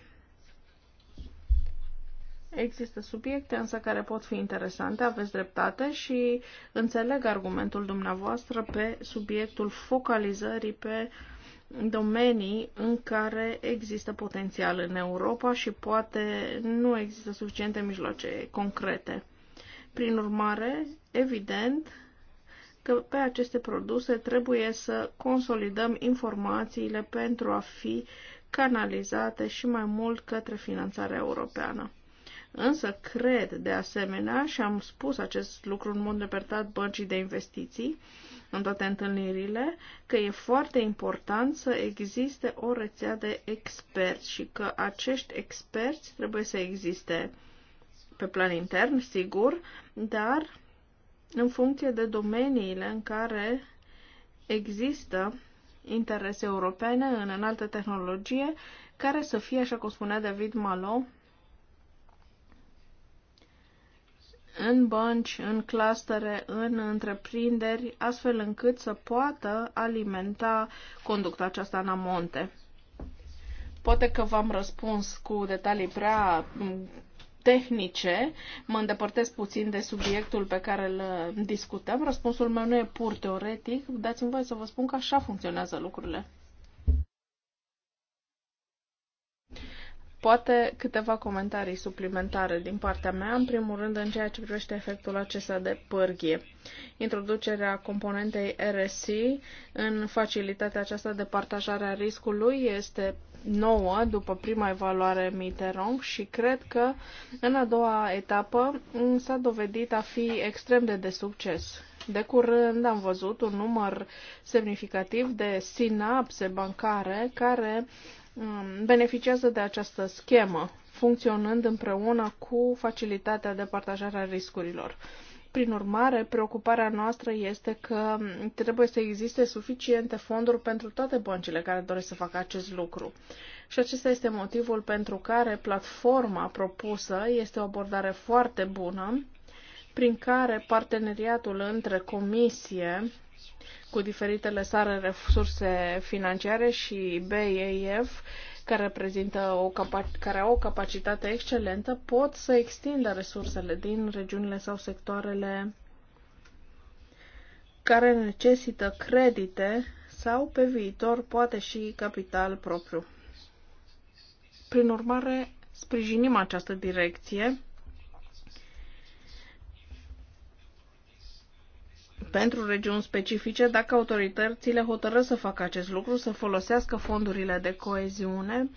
Există subiecte însă care pot fi interesante, aveți dreptate și înțeleg argumentul dumneavoastră pe subiectul focalizării pe domenii în care există potențial în Europa și poate nu există suficiente mijloace concrete. Prin urmare, evident că pe aceste produse trebuie să consolidăm informațiile pentru a fi canalizate și mai mult către finanțarea europeană. Însă cred de asemenea, și am spus acest lucru în mod repetat băncii de investiții în toate întâlnirile, că e foarte important să existe o rețea de experți și că acești experți trebuie să existe pe plan intern, sigur, dar în funcție de domeniile în care există interese europene în înaltă tehnologie, care să fie, așa cum spunea David Malo, în bănci, în clustere, în întreprinderi, astfel încât să poată alimenta conducta aceasta în amonte. Poate că v-am răspuns cu detalii prea tehnice, mă îndepărtez puțin de subiectul pe care îl uh, discutăm. Răspunsul meu nu e pur teoretic, dați-mi voie să vă spun că așa funcționează lucrurile. Poate câteva comentarii suplimentare din partea mea, în primul rând în ceea ce privește efectul acesta de pârghie. Introducerea componentei RSI în facilitatea aceasta de partajare a riscului este nouă după prima evaluare Mitterrand și cred că în a doua etapă s-a dovedit a fi extrem de de succes. De curând am văzut un număr semnificativ de sinapse bancare care beneficiază de această schemă, funcționând împreună cu facilitatea de partajare a riscurilor. Prin urmare, preocuparea noastră este că trebuie să existe suficiente fonduri pentru toate băncile care doresc să facă acest lucru. Și acesta este motivul pentru care platforma propusă este o abordare foarte bună, prin care parteneriatul între comisie cu diferitele sare resurse financiare și BAF care, reprezintă o care au o capacitate excelentă pot să extindă resursele din regiunile sau sectoarele care necesită credite sau pe viitor poate și capital propriu. Prin urmare, sprijinim această direcție pentru regiuni specifice dacă autoritățile hotărăsc să facă acest lucru, să folosească fondurile de coeziune,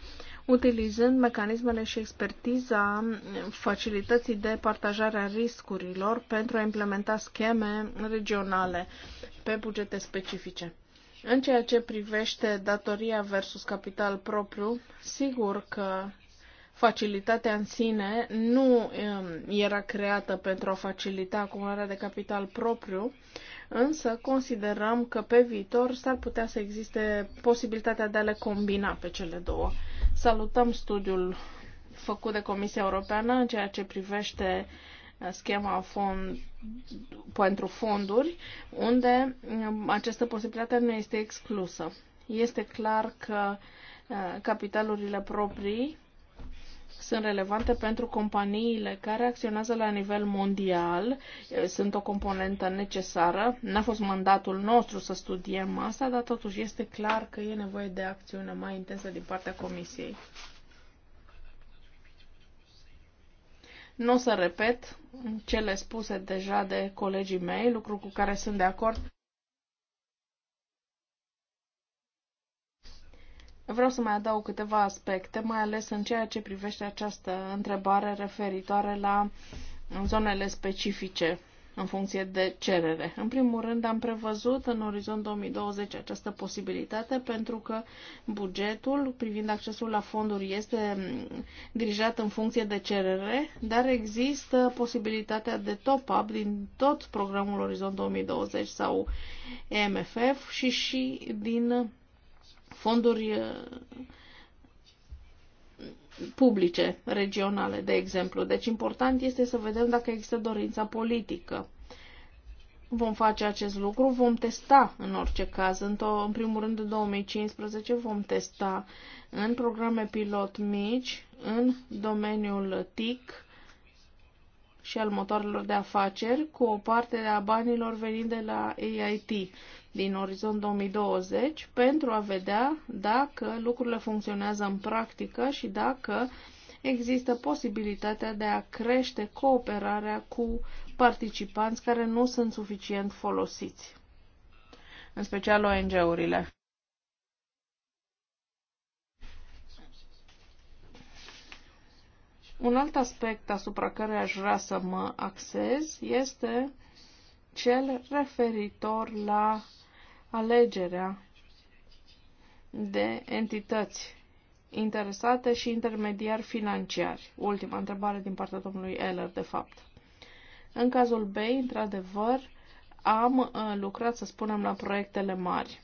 utilizând mecanismele și expertiza facilității de partajare a riscurilor pentru a implementa scheme regionale pe bugete specifice. În ceea ce privește datoria versus capital propriu, sigur că Facilitatea în sine nu um, era creată pentru a facilita acumularea de capital propriu, însă considerăm că pe viitor s-ar putea să existe posibilitatea de a le combina pe cele două. Salutăm studiul făcut de Comisia Europeană în ceea ce privește uh, schema fond, pentru fonduri, unde um, această posibilitate nu este exclusă. Este clar că uh, capitalurile proprii sunt relevante pentru companiile care acționează la nivel mondial, eh, sunt o componentă necesară. N-a fost mandatul nostru să studiem asta, dar totuși este clar că e nevoie de acțiune mai intensă din partea Comisiei. Nu o să repet cele spuse deja de colegii mei, lucru cu care sunt de acord. Vreau să mai adaug câteva aspecte, mai ales în ceea ce privește această întrebare referitoare la zonele specifice în funcție de cerere. În primul rând, am prevăzut în orizont 2020 această posibilitate pentru că bugetul privind accesul la fonduri este dirijat în funcție de cerere, dar există posibilitatea de top-up din tot programul Orizont 2020 sau EMFF și și din fonduri eh, publice, regionale, de exemplu. Deci important este să vedem dacă există dorința politică. Vom face acest lucru, vom testa în orice caz. În, to- în primul rând, în 2015 vom testa în programe pilot mici, în domeniul TIC, și al motoarelor de afaceri, cu o parte a banilor venind de la AIT din orizont 2020 pentru a vedea dacă lucrurile funcționează în practică și dacă există posibilitatea de a crește cooperarea cu participanți care nu sunt suficient folosiți, în special ONG-urile. Un alt aspect asupra care aș vrea să mă axez este cel referitor la alegerea de entități interesate și intermediari financiari. Ultima întrebare din partea domnului Eller, de fapt. În cazul B, într-adevăr, am uh, lucrat, să spunem, la proiectele mari.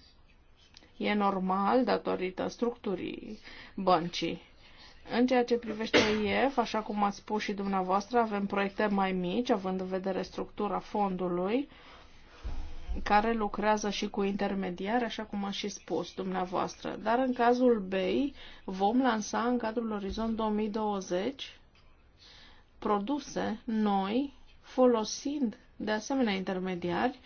E normal, datorită structurii băncii în ceea ce privește IEF, așa cum ați spus și dumneavoastră, avem proiecte mai mici, având în vedere structura fondului, care lucrează și cu intermediari, așa cum a și spus dumneavoastră. Dar în cazul BEI vom lansa în cadrul Orizont 2020 produse noi, folosind de asemenea intermediari,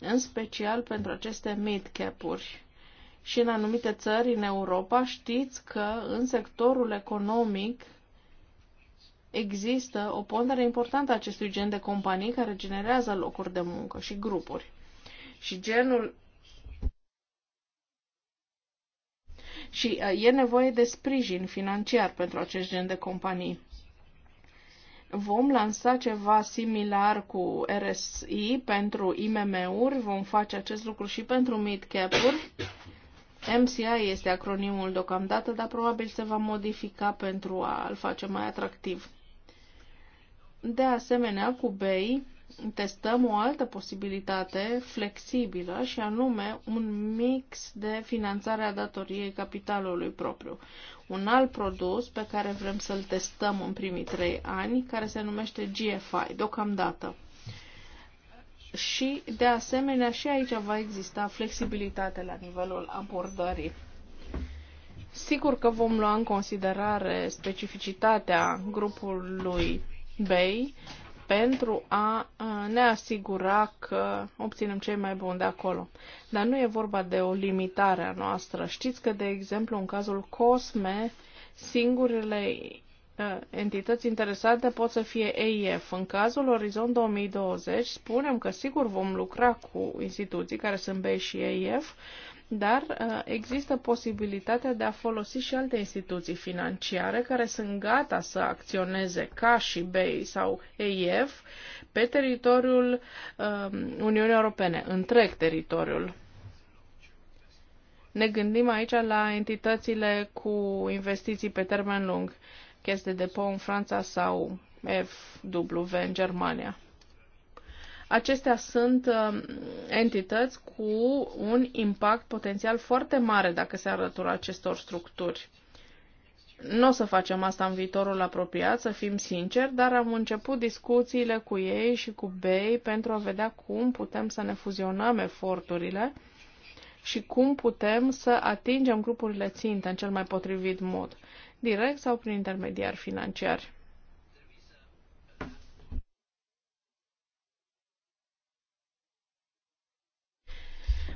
în special pentru aceste mid-cap-uri și în anumite țări în Europa, știți că în sectorul economic există o pondere importantă a acestui gen de companii care generează locuri de muncă și grupuri. Și genul și uh, e nevoie de sprijin financiar pentru acest gen de companii. Vom lansa ceva similar cu RSI pentru IMM-uri, vom face acest lucru și pentru mid-cap-uri MCI este acronimul deocamdată, dar probabil se va modifica pentru a-l face mai atractiv. De asemenea, cu BEI testăm o altă posibilitate flexibilă și anume un mix de finanțare a datoriei capitalului propriu. Un alt produs pe care vrem să-l testăm în primii trei ani, care se numește GFI, deocamdată și, de asemenea, și aici va exista flexibilitate la nivelul abordării. Sigur că vom lua în considerare specificitatea grupului BEI pentru a ne asigura că obținem cei mai buni de acolo. Dar nu e vorba de o limitare a noastră. Știți că, de exemplu, în cazul COSME, singurele Eh, entități interesate pot să fie EIF. În cazul Orizont 2020 spunem că sigur vom lucra cu instituții care sunt B și EIF, dar eh, există posibilitatea de a folosi și alte instituții financiare care sunt gata să acționeze ca și BEI sau EIF pe teritoriul eh, Uniunii Europene, întreg teritoriul. Ne gândim aici la entitățile cu investiții pe termen lung. Caisse de Depot în Franța sau FW în Germania. Acestea sunt uh, entități cu un impact potențial foarte mare dacă se arătură acestor structuri. Nu o să facem asta în viitorul apropiat, să fim sinceri, dar am început discuțiile cu ei și cu Bay pentru a vedea cum putem să ne fuzionăm eforturile și cum putem să atingem grupurile țintă în cel mai potrivit mod direct sau prin intermediari financiari.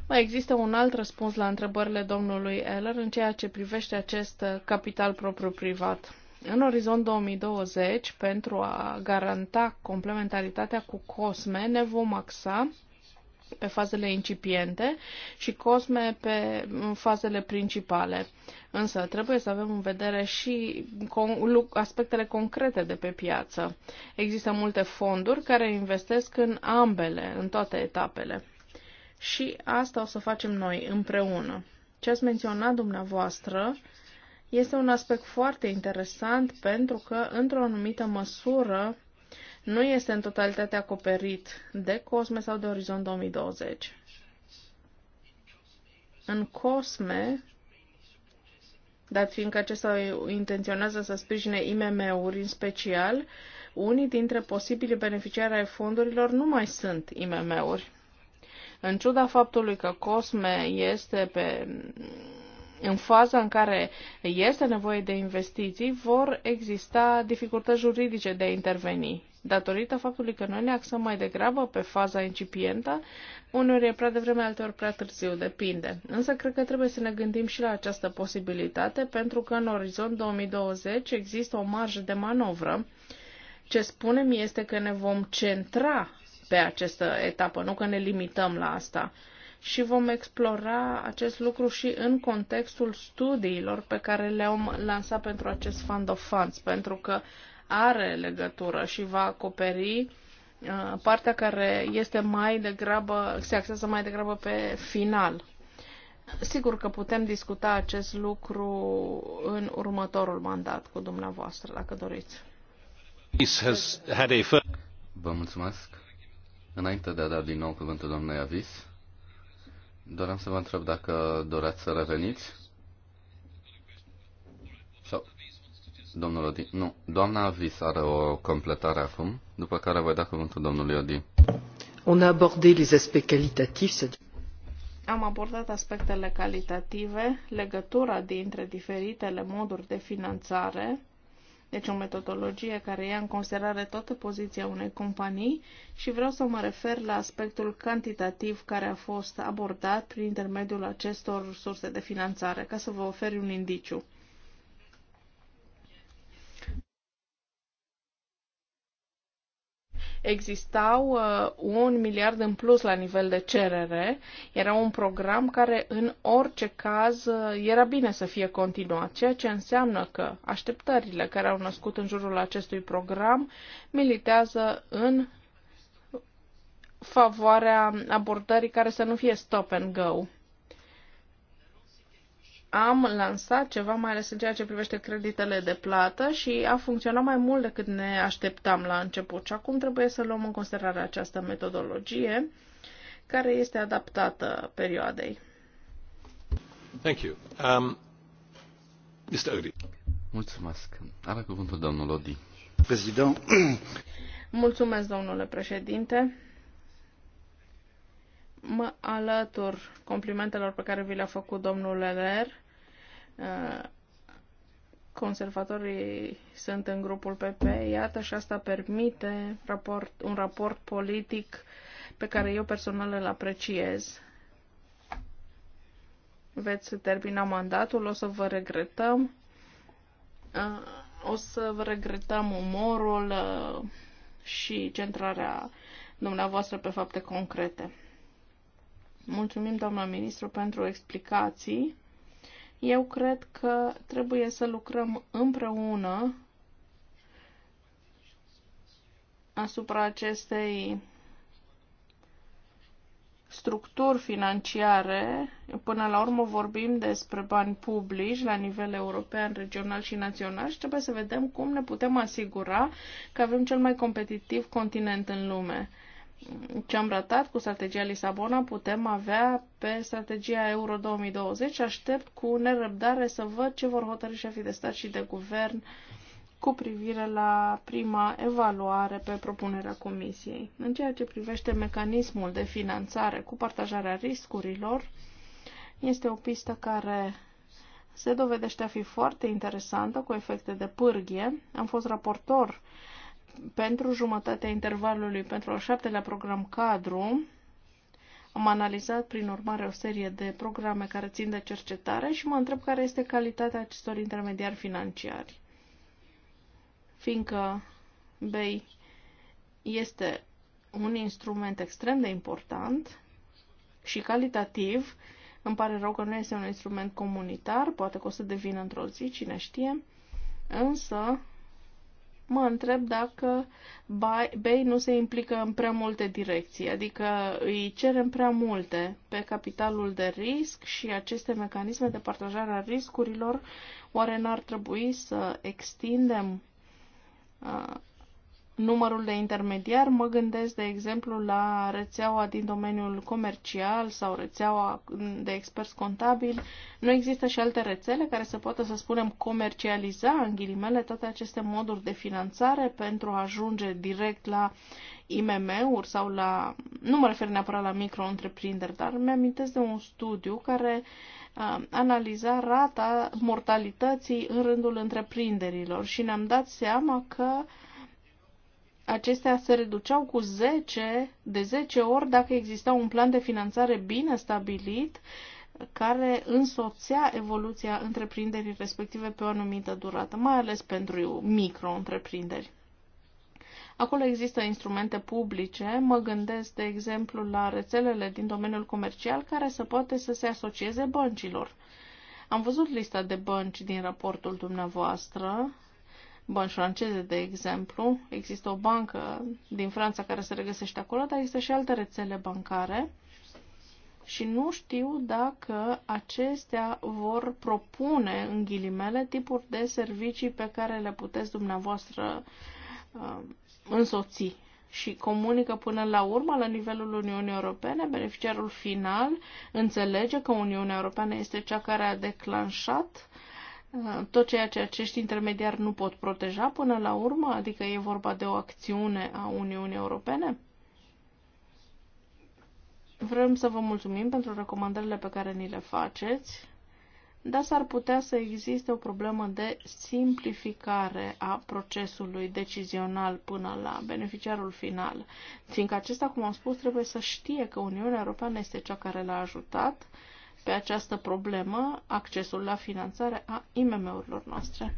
Mai există un alt răspuns la întrebările domnului Eller în ceea ce privește acest uh, capital propriu privat. În orizont 2020, pentru a garanta complementaritatea cu COSME, ne vom axa pe fazele incipiente și COSME pe fazele principale. Însă trebuie să avem în vedere și aspectele concrete de pe piață. Există multe fonduri care investesc în ambele, în toate etapele. Și asta o să facem noi împreună. Ce ați menționat dumneavoastră este un aspect foarte interesant pentru că, într-o anumită măsură, nu este în totalitate acoperit de COSME sau de Orizont 2020. În COSME, dat fiindcă acesta intenționează să sprijine IMM-uri în special, unii dintre posibili beneficiari ai fondurilor nu mai sunt IMM-uri. În ciuda faptului că COSME este pe în faza în care este nevoie de investiții, vor exista dificultăți juridice de a interveni datorită faptului că noi ne axăm mai degrabă pe faza incipientă, uneori e prea devreme, alteori prea târziu, depinde. Însă cred că trebuie să ne gândim și la această posibilitate, pentru că în orizont 2020 există o marjă de manovră. Ce spunem este că ne vom centra pe această etapă, nu că ne limităm la asta și vom explora acest lucru și în contextul studiilor pe care le-am lansat pentru acest fund of funds, pentru că are legătură și va acoperi uh, partea care este mai degrabă, se axează mai degrabă pe final. Sigur că putem discuta acest lucru în următorul mandat cu dumneavoastră, dacă doriți. Vă mulțumesc. Înainte de a da din nou cuvântul domnului Avis, doream să vă întreb dacă doreați să reveniți Domnul Odi, nu, doamna Avis are o completare acum, după care voi da cuvântul domnului Odi. On a abordé les aspects calitatifs. Am abordat aspectele calitative, legătura dintre diferitele moduri de finanțare, deci o metodologie care ia în considerare toată poziția unei companii și vreau să mă refer la aspectul cantitativ care a fost abordat prin intermediul acestor surse de finanțare, ca să vă ofer un indiciu. existau uh, un miliard în plus la nivel de cerere. Era un program care în orice caz uh, era bine să fie continuat, ceea ce înseamnă că așteptările care au născut în jurul acestui program militează în favoarea abordării care să nu fie stop and go am lansat ceva, mai ales în ceea ce privește creditele de plată și a funcționat mai mult decât ne așteptam la început. Și acum trebuie să luăm în considerare această metodologie care este adaptată perioadei. Thank you. Um, Mr. Odi. Mulțumesc. Are cuvântul domnul Odi. Prezident. Mulțumesc, domnule președinte mă alătur complimentelor pe care vi le-a făcut domnul Leler conservatorii sunt în grupul PP, iată, și asta permite raport, un raport politic pe care eu personal îl apreciez. Veți termina mandatul, o să vă regretăm. O să vă regretăm umorul și centrarea dumneavoastră pe fapte concrete. Mulțumim, doamna ministru, pentru explicații. Eu cred că trebuie să lucrăm împreună asupra acestei structuri financiare, până la urmă vorbim despre bani publici la nivel european, regional și național și trebuie să vedem cum ne putem asigura că avem cel mai competitiv continent în lume ce am ratat cu strategia Lisabona putem avea pe strategia Euro 2020 aștept cu nerăbdare să văd ce vor hotărâi șefii de stat și de guvern cu privire la prima evaluare pe propunerea Comisiei. În ceea ce privește mecanismul de finanțare cu partajarea riscurilor, este o pistă care se dovedește a fi foarte interesantă, cu efecte de pârghie. Am fost raportor pentru jumătatea intervalului pentru al șaptelea program cadru, am analizat, prin urmare, o serie de programe care țin de cercetare și mă întreb care este calitatea acestor intermediari financiari. Fiindcă BEI este un instrument extrem de important și calitativ, îmi pare rău că nu este un instrument comunitar, poate că o să devină într-o zi, cine știe, însă mă întreb dacă BEI nu se implică în prea multe direcții, adică îi cerem prea multe pe capitalul de risc și aceste mecanisme de partajare a riscurilor, oare n-ar trebui să extindem uh, numărul de intermediar. mă gândesc, de exemplu, la rețeaua din domeniul comercial sau rețeaua de experți contabili. Nu există și alte rețele care să poată, să spunem, comercializa, în ghilimele, toate aceste moduri de finanțare pentru a ajunge direct la IMM-uri sau la... Nu mă refer neapărat la micro-întreprinderi, dar mi-amintesc de un studiu care analiza rata mortalității în rândul întreprinderilor și ne-am dat seama că uh, acestea se reduceau cu 10, de 10 ori dacă exista un plan de finanțare bine stabilit care însoțea evoluția întreprinderii respective pe o anumită durată, mai ales pentru micro-întreprinderi. Acolo există instrumente publice, mă gândesc de exemplu la rețelele din domeniul comercial care să poate să se asocieze băncilor. Am văzut lista de bănci din raportul dumneavoastră bănci franceze, de exemplu. Există o bancă din Franța care se regăsește acolo, dar există și alte rețele bancare și nu știu dacă acestea vor propune, în ghilimele, tipuri de servicii pe care le puteți dumneavoastră uh, însoți. Și comunică până la urmă, la nivelul Uniunii Europene, beneficiarul final înțelege că Uniunea Europeană este cea care a declanșat Uh, tot ceea ce acești intermediari nu pot proteja până la urmă? Adică e vorba de o acțiune a Uniunii Europene? Vrem să vă mulțumim pentru recomandările pe care ni le faceți, dar s-ar putea să existe o problemă de simplificare a procesului decizional până la beneficiarul final, fiindcă acesta, cum am spus, trebuie să știe că Uniunea Europeană este cea care l-a ajutat, uh, pe această problemă, accesul la finanțare a IMM-urilor noastre.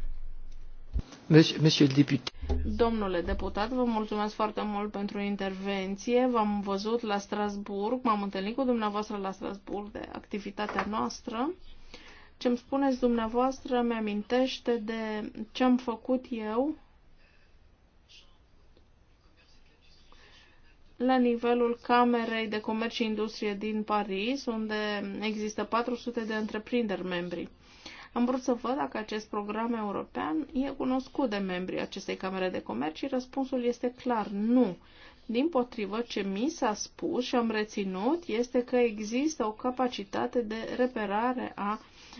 Domnule deputat, vă mulțumesc foarte mult pentru intervenție. V-am văzut la Strasburg, m-am întâlnit cu dumneavoastră la Strasburg de activitatea noastră. Ce-mi spuneți dumneavoastră mi amintește de ce am făcut eu la nivelul Camerei de Comerț și Industrie din Paris, unde există 400 de întreprinderi membri. Am vrut să văd dacă acest program european e cunoscut de membrii acestei Camere de Comerț și răspunsul este clar, nu. Din potrivă, ce mi s-a spus și am reținut este că există o capacitate de reperare a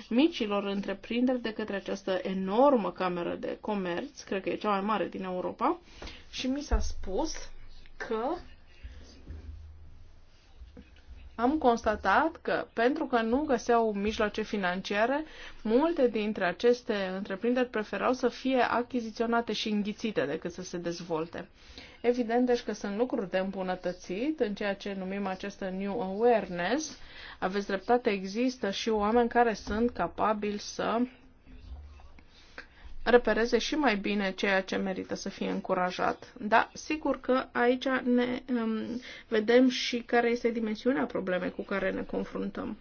micilor întreprinderi de către această enormă cameră de comerț, cred că e cea mai mare din Europa, și mi s-a spus că am constatat că, pentru că nu găseau mijloace financiare, multe dintre aceste întreprinderi preferau să fie achiziționate și înghițite decât să se dezvolte. Evident, deci că sunt lucruri de îmbunătățit în ceea ce numim această new awareness. Aveți dreptate, există și oameni care sunt capabili să repereze și mai bine ceea ce merită să fie încurajat. Da, sigur că aici ne um, vedem și care este dimensiunea problemei cu care ne confruntăm.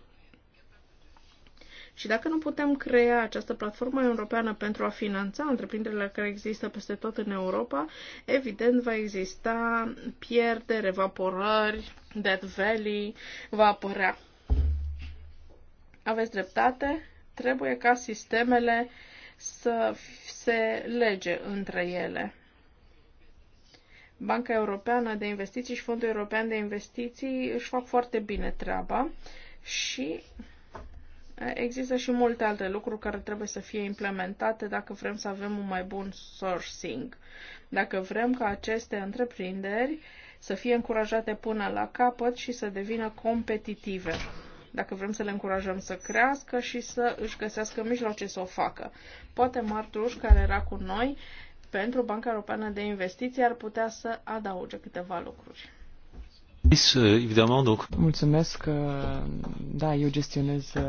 Și dacă nu putem crea această platformă europeană pentru a finanța întreprinderile care există peste tot în Europa, evident va exista pierdere, evaporări, dead Valley va apărea. Aveți dreptate, trebuie ca sistemele uh, să se lege între ele. Banca Europeană de Investiții și Fondul European de Investiții își fac foarte bine treaba și există și multe alte lucruri care trebuie să fie implementate dacă vrem să avem un mai bun sourcing. Dacă vrem ca aceste întreprinderi să fie încurajate până la capăt și să devină competitive dacă vrem să le încurajăm să crească și să își găsească mijloace să o facă. Poate Martuș, care era cu noi, pentru Banca Europeană de Investiții ar putea să adauge câteva lucruri. Uh, Mulțumesc. Uh, da, eu gestionez uh,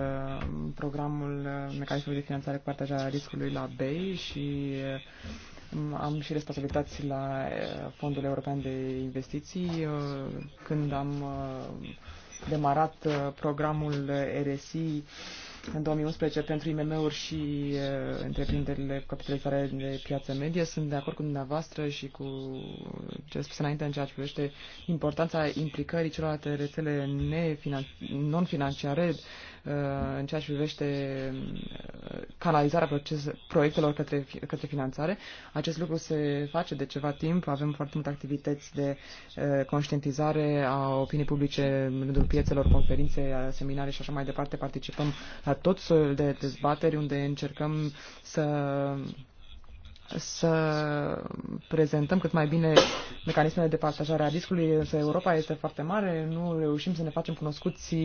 programul mecanismului de finanțare cu partajarea riscului la BEI și am și responsabilități la Fondul European de Investiții când am demarat uh, programul RSI în 2011 pentru IMM-uri și uh, întreprinderile capitalizare de piață medie. Sunt de acord cu dumneavoastră și cu ce spus înainte în ceea ce privește importanța implicării celorlalte rețele non-financiare Uh, în ceea ce privește uh, canalizarea proces, proiectelor către, către finanțare. Acest lucru se face de ceva timp. Avem foarte multe activități de uh, conștientizare a opinii publice în rândul piețelor, conferințe, seminarii și așa mai departe. Participăm la tot soiul de dezbateri unde încercăm să să prezentăm cât mai bine mecanismele de partajare a riscului, însă Europa este foarte mare, nu reușim să ne facem cunoscuți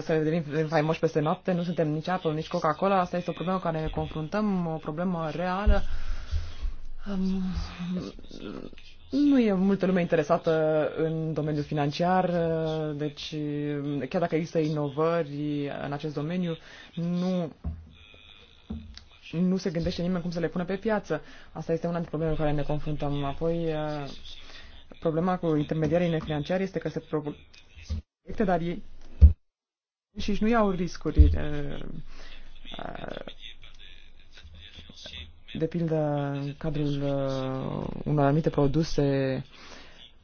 să ne devenim faimoși peste noapte, nu suntem nici Apple, nici Coca-Cola, asta este o problemă cu care ne confruntăm, o problemă reală. Um, nu e multă lume interesată în domeniul financiar, deci chiar dacă există inovări în acest domeniu, nu nu se gândește nimeni cum să le pună pe piață. Asta este una dintre problemele cu care ne confruntăm. Apoi, eh, problema cu intermediarii nefinanciari este că se proiecte, dar ei și nu iau riscuri. De pildă, în cadrul uh, unor anumite produse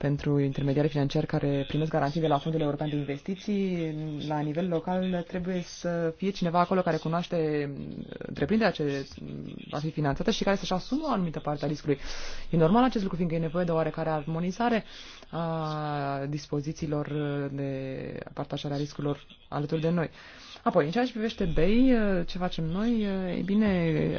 pentru intermediari financiari care primesc garanții de la Fondul European de Investiții, la nivel local trebuie să fie cineva acolo care cunoaște întreprinderea ce va fi finanțată și care să-și asumă o anumită parte a riscului. E normal acest lucru, fiindcă e nevoie de oarecare armonizare a dispozițiilor de partajare a riscurilor alături de noi. Apoi, în ceea ce privește BEI, uh, ce facem noi? Uh, e bine,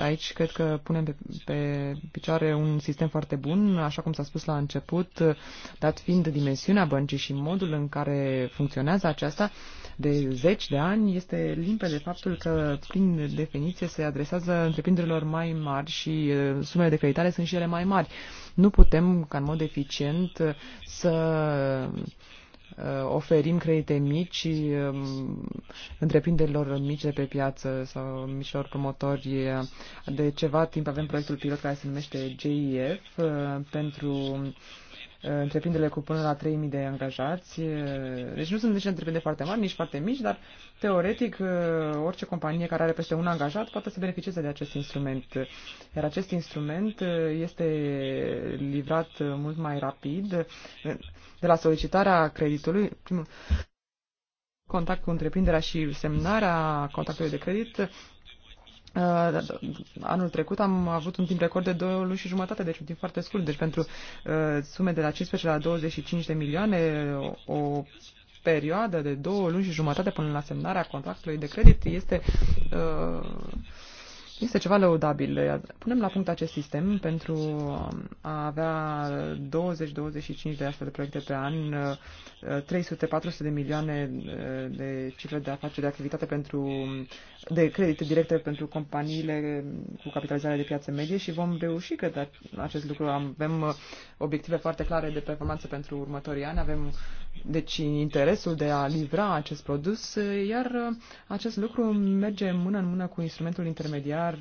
aici cred că punem pe, pe picioare un sistem foarte bun, așa cum s-a spus la început, uh, dat fiind dimensiunea băncii și modul în care funcționează aceasta de zeci de ani, este limpede faptul că, prin definiție, se adresează întreprinderilor mai mari și sumele de creditare sunt și ele mai mari. Nu putem, ca în mod eficient, să Uh, oferim credite mici um, întreprinderilor mici de pe piață sau micilor promotori. De ceva timp avem proiectul pilot care se numește JEF uh, pentru întreprinderile cu până la 3.000 de angajați. Deci nu sunt nici întreprinderi foarte mari, nici foarte mici, dar teoretic orice companie care are peste un angajat poate să beneficieze de acest instrument. Iar acest instrument este livrat mult mai rapid de la solicitarea creditului. Primul contact cu întreprinderea și semnarea contactului de credit Uh, anul trecut am avut un timp record de 2 luni și jumătate, deci un timp foarte scurt. Deci pentru uh, sume de la 15 la 25 de milioane, o, o perioadă de 2 luni și jumătate până la semnarea contractului de credit este uh, este ceva lăudabil. Punem la punct acest sistem pentru a avea 20-25 de astfel de proiecte pe an, 300-400 de milioane eh, de cifre de afaceri de activitate pentru, de credite directe pentru companiile cu capitalizare de piață medie și vom reuși, că da, acest lucru. Avem obiective foarte clare de performanță pentru următorii ani, avem deci interesul de a livra acest produs, iar acest lucru merge mână în mână cu instrumentul intermediar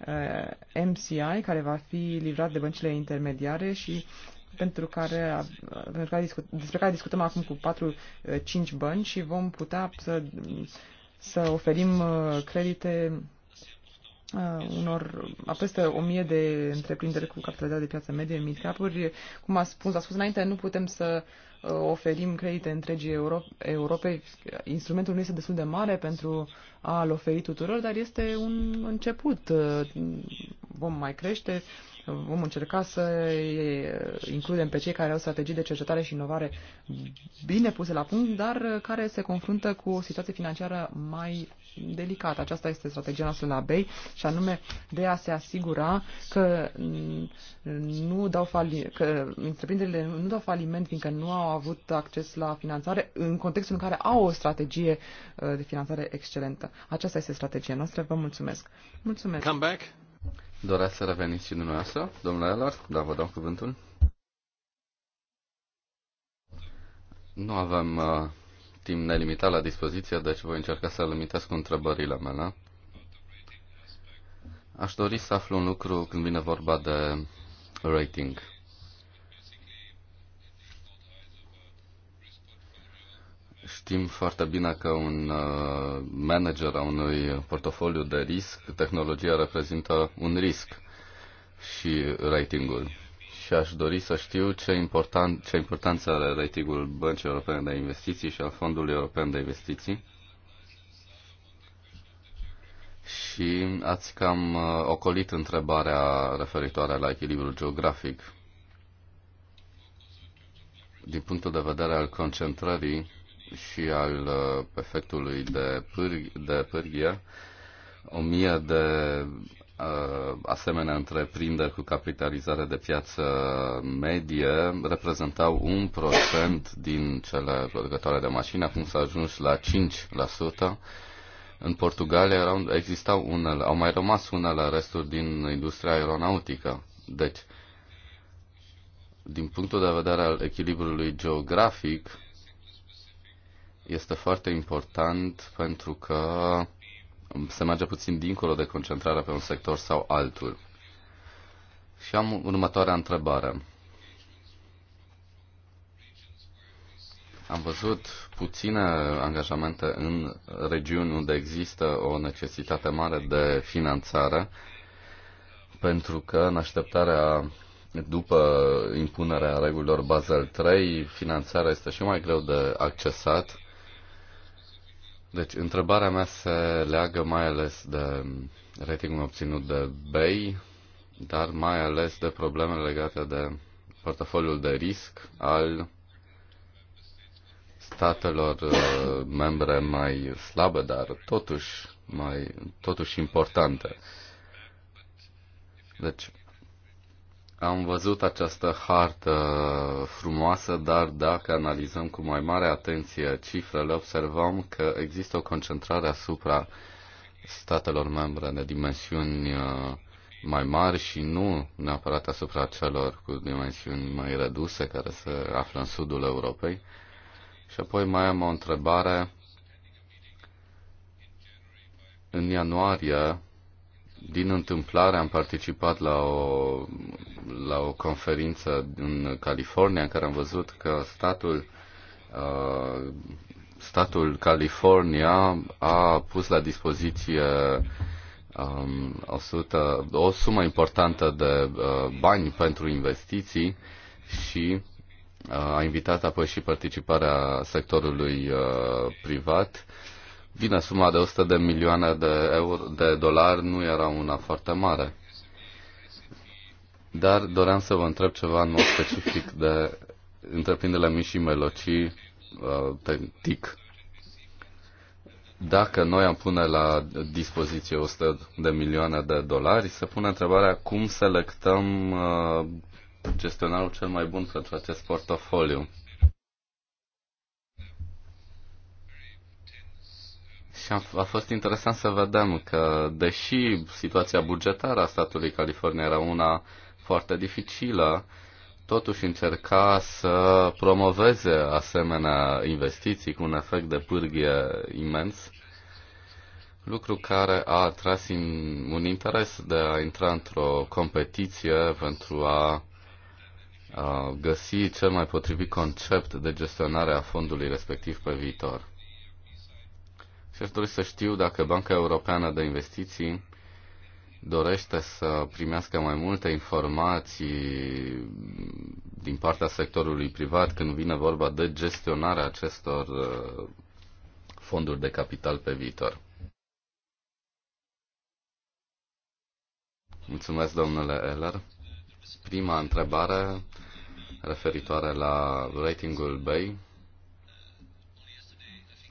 eh, MCI, care va fi livrat de băncile intermediare și pentru care, pentru care discut, despre care discutăm acum cu 4-5 eh, bănci și vom putea să, să oferim eh, credite unor peste 1000 de întreprinderi cu capitalitate de piață medie, mid cap cum a spus, a spus înainte, nu putem să uh, Uh, oferim credite întregii Europe, Europei. Instrumentul nu este destul de mare pentru a-l oferi tuturor, dar este un început. Uh, vom mai crește Vom încerca să includem pe cei care au strategii de cercetare și inovare bine puse la punct, dar care se confruntă cu o situație financiară mai delicată. Aceasta este strategia noastră la BEI și anume de a se asigura că nu dau fali- că întreprinderile nu dau faliment fiindcă nu au avut acces la finanțare în contextul în care au o strategie uh, de finanțare excelentă. Aceasta este strategia noastră. Vă mulțumesc. Mulțumesc. Come back. Doresc să reveniți și dumneavoastră, domnule Elor, dar vă dau cuvântul. Nu avem uh, timp nelimitat la dispoziție, deci voi încerca să limitez cu întrebările mele. Aș dori să aflu un lucru când vine vorba de rating. Știm foarte bine că un uh, manager a unui portofoliu de risc, tehnologia reprezintă un risc și ratingul. Și aș dori să știu ce, important, ce importanță are ratingul Băncii Europene de Investiții și al Fondului European de Investiții. Și ați cam uh, ocolit întrebarea referitoare la echilibrul geografic. Din punctul de vedere al concentrării și al uh, prefectului de, pârg- de pârghie, o mie de uh, asemenea întreprinderi cu capitalizare de piață medie reprezentau un procent din cele producătoare de mașini, acum s-a ajuns la 5%. În Portugalia erau, existau unele, au mai rămas unele resturi din industria aeronautică. Deci, din punctul de vedere al echilibrului geografic, este foarte important pentru că se merge puțin dincolo de concentrarea pe un sector sau altul. Și am următoarea întrebare. Am văzut puține angajamente în regiuni unde există o necesitate mare de finanțare, pentru că în așteptarea după impunerea regulilor Basel 3, finanțarea este și mai greu de accesat deci, întrebarea mea se leagă mai ales de ratingul obținut de BEI, dar mai ales de problemele legate de portofoliul de risc al statelor uh, membre mai slabe, dar totuși, mai, totuși importante. Deci, am văzut această hartă frumoasă, dar dacă analizăm cu mai mare atenție cifrele, observăm că există o concentrare asupra statelor membre de dimensiuni uh, mai mari și nu neapărat asupra celor cu dimensiuni mai reduse care se află în sudul Europei. Și apoi mai am o întrebare. În ianuarie din întâmplare am participat la o, la o conferință în California în care am văzut că statul, uh, statul California a pus la dispoziție um, 100, o sumă importantă de uh, bani pentru investiții și uh, a invitat apoi și participarea sectorului uh, privat uh, Bine, suma de 100 de milioane de, euro, de dolari nu era una foarte mare. Dar doream să vă întreb ceva în mod specific de întreprinderile mici și melocii pe uh, TIC. Dacă noi am pune la dispoziție 100 de milioane de dolari, se pune întrebarea cum selectăm uh, gestionarul cel mai bun pentru acest portofoliu. Și a fost interesant să vedem că, deși situația bugetară a statului California era una foarte dificilă, totuși încerca să promoveze asemenea investiții cu un efect de pârghie imens, lucru care a atras un interes de a intra într-o competiție pentru a găsi cel mai potrivit concept de gestionare a fondului respectiv pe viitor. Și aș dori să știu dacă Banca Europeană de Investiții dorește să primească mai multe informații din partea sectorului privat când vine vorba de gestionarea acestor uh, fonduri de capital pe viitor. Mulțumesc, domnule Eller. Prima întrebare referitoare la ratingul BEI.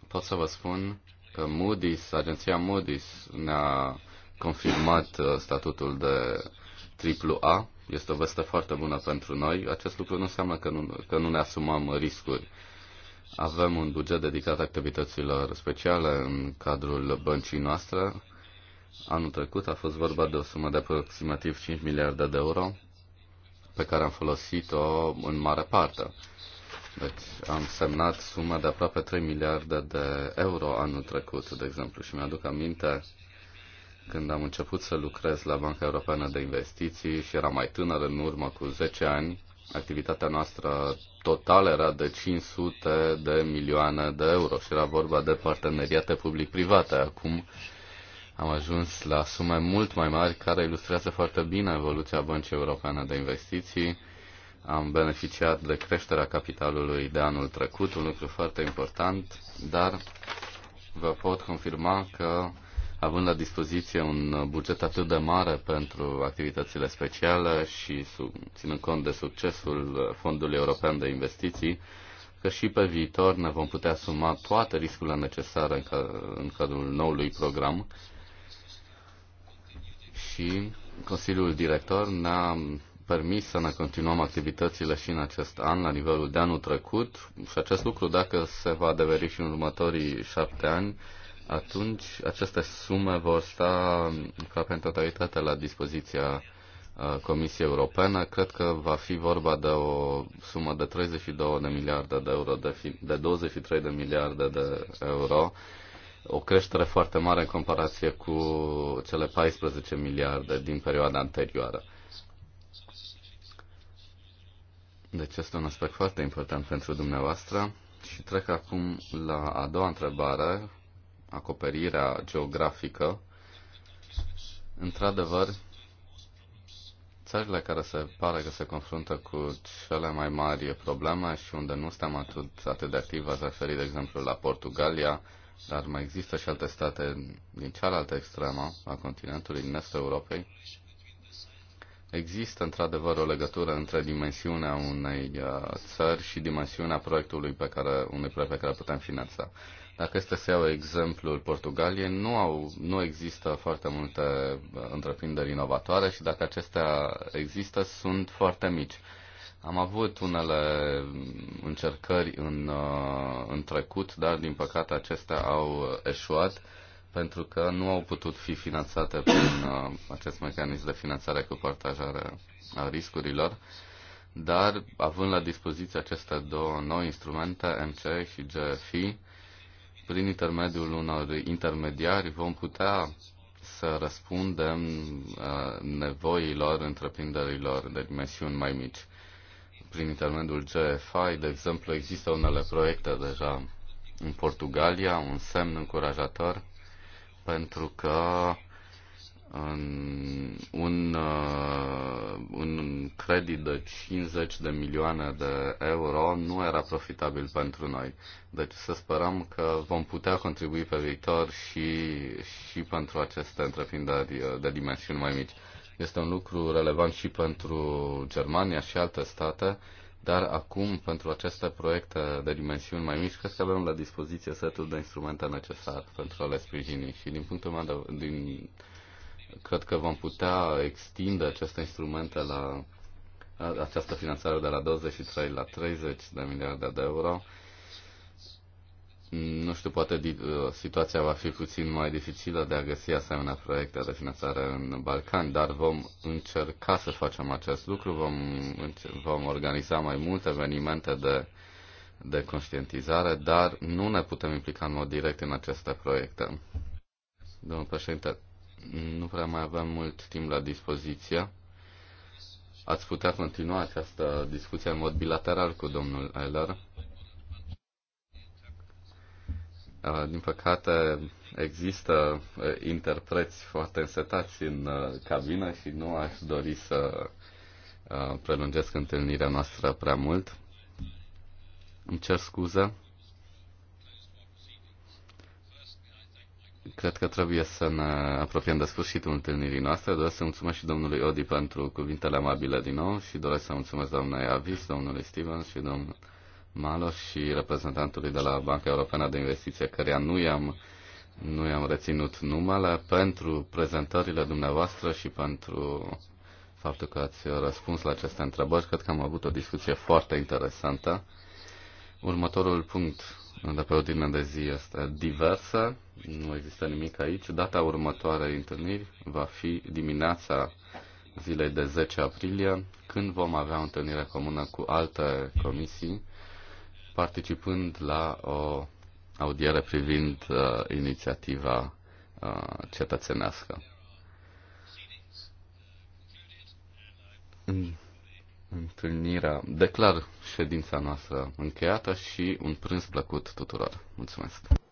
Pot să vă spun Moody's, agenția Moody's ne-a confirmat uh, statutul de AAA. Este o veste foarte bună pentru noi. Acest lucru nu înseamnă că nu, că nu ne asumăm riscuri. Avem un buget dedicat activităților speciale în cadrul băncii noastre. Anul trecut a fost vorba de o sumă de aproximativ 5 miliarde de euro pe care am folosit-o în mare parte. Deci am semnat suma de aproape 3 miliarde de euro anul trecut, de exemplu, și mi-aduc aminte când am început să lucrez la Banca Europeană de Investiții și era mai tânăr în urmă cu 10 ani, activitatea noastră totală era de 500 de milioane de euro și era vorba de parteneriate public-private. Acum am ajuns la sume mult mai mari care ilustrează foarte bine evoluția Băncii Europeană de Investiții am beneficiat de creșterea capitalului de anul trecut, un lucru foarte important, dar vă pot confirma că având la dispoziție un buget atât de mare pentru activitățile speciale și sub, ținând cont de succesul Fondului European de Investiții, că și pe viitor ne vom putea asuma toate riscurile necesare în, ca, în cadrul noului program și Consiliul Director ne-a permis să ne continuăm activitățile și în acest an, la nivelul de anul trecut, și acest lucru, dacă se va adeveri și în următorii șapte ani, atunci aceste sume vor sta ca pentru totalitate la dispoziția Comisiei Europene. Cred că va fi vorba de o sumă de 32 de miliarde de euro, de, fi, de 23 de miliarde de euro, o creștere foarte mare în comparație cu cele 14 miliarde din perioada anterioară. Deci este un aspect foarte important pentru dumneavoastră și trec acum la a doua întrebare, acoperirea geografică. Într-adevăr, țările care se pare că se confruntă cu cele mai mari probleme și unde nu suntem atât, atât de activi, ați referit, de exemplu, la Portugalia, dar mai există și alte state din cealaltă extremă a continentului, din estul Europei, Există într-adevăr o legătură între dimensiunea unei uh, țări și dimensiunea proiectului pe care, unui proiect pe care putem finanța. Dacă este să iau exemplul Portugaliei, nu, au, nu există foarte multe uh, întreprinderi inovatoare și dacă acestea există, sunt foarte mici. Am avut unele încercări în, uh, în trecut, dar din păcate acestea au eșuat pentru că nu au putut fi finanțate prin uh, acest mecanism de finanțare cu partajare a riscurilor, dar având la dispoziție aceste două noi instrumente, MC și GFI, prin intermediul unor intermediari vom putea să răspundem uh, nevoilor întreprinderilor de dimensiuni mai mici. Prin intermediul GFI, de exemplu, există unele proiecte deja în Portugalia, un semn încurajator pentru că un, uh, un credit de 50 de milioane de euro nu era profitabil pentru noi. Deci să sperăm că vom putea contribui pe viitor și, și pentru aceste întreprinderi de dimensiuni mai mici. Este un lucru relevant și pentru Germania și alte state dar acum, pentru aceste proiecte de dimensiuni mai mici, cred că avem la dispoziție setul de instrumente necesar pentru a le sprijini. Și din punctul meu de, din, cred că vom putea extinde aceste instrumente la această finanțare de la 23 la 30 de miliarde de euro nu știu, poate uh, situația va fi puțin mai dificilă de a găsi asemenea proiecte de finanțare în Balcani, dar vom încerca să facem acest lucru, vom, vom organiza mai multe evenimente de, de conștientizare, dar nu ne putem implica în mod direct în aceste proiecte. Domnul președinte, nu prea mai avem mult timp la dispoziție. Ați putea continua această discuție în mod bilateral cu domnul Eller Uh, din păcate, există uh, interpreți foarte însetați în uh, cabină și nu aș dori să prelungesc întâlnirea noastră prea mult. Îmi cer scuze. Cred că trebuie să ne apropiem de sfârșitul întâlnirii noastre. Doresc să mulțumesc și domnului Odi pentru cuvintele amabile din nou și doresc să mulțumesc doamnei Avis, domnului Stevens și domnului Malo și reprezentantului de la Banca Europeană de Investiție, căreia nu i-am, nu i-am reținut numele, pentru prezentările dumneavoastră și pentru faptul că ați răspuns la aceste întrebări. Cred că am avut o discuție foarte interesantă. Următorul punct de pe ordine de zi este diversă, nu există nimic aici. Data următoarei întâlniri va fi dimineața zilei de 10 aprilie, când vom avea o întâlnire comună cu alte comisii participând la o audiere privind uh, inițiativa uh, cetățenească. Întâlnirea. Declar ședința noastră încheiată și un prânz plăcut tuturor. Mulțumesc!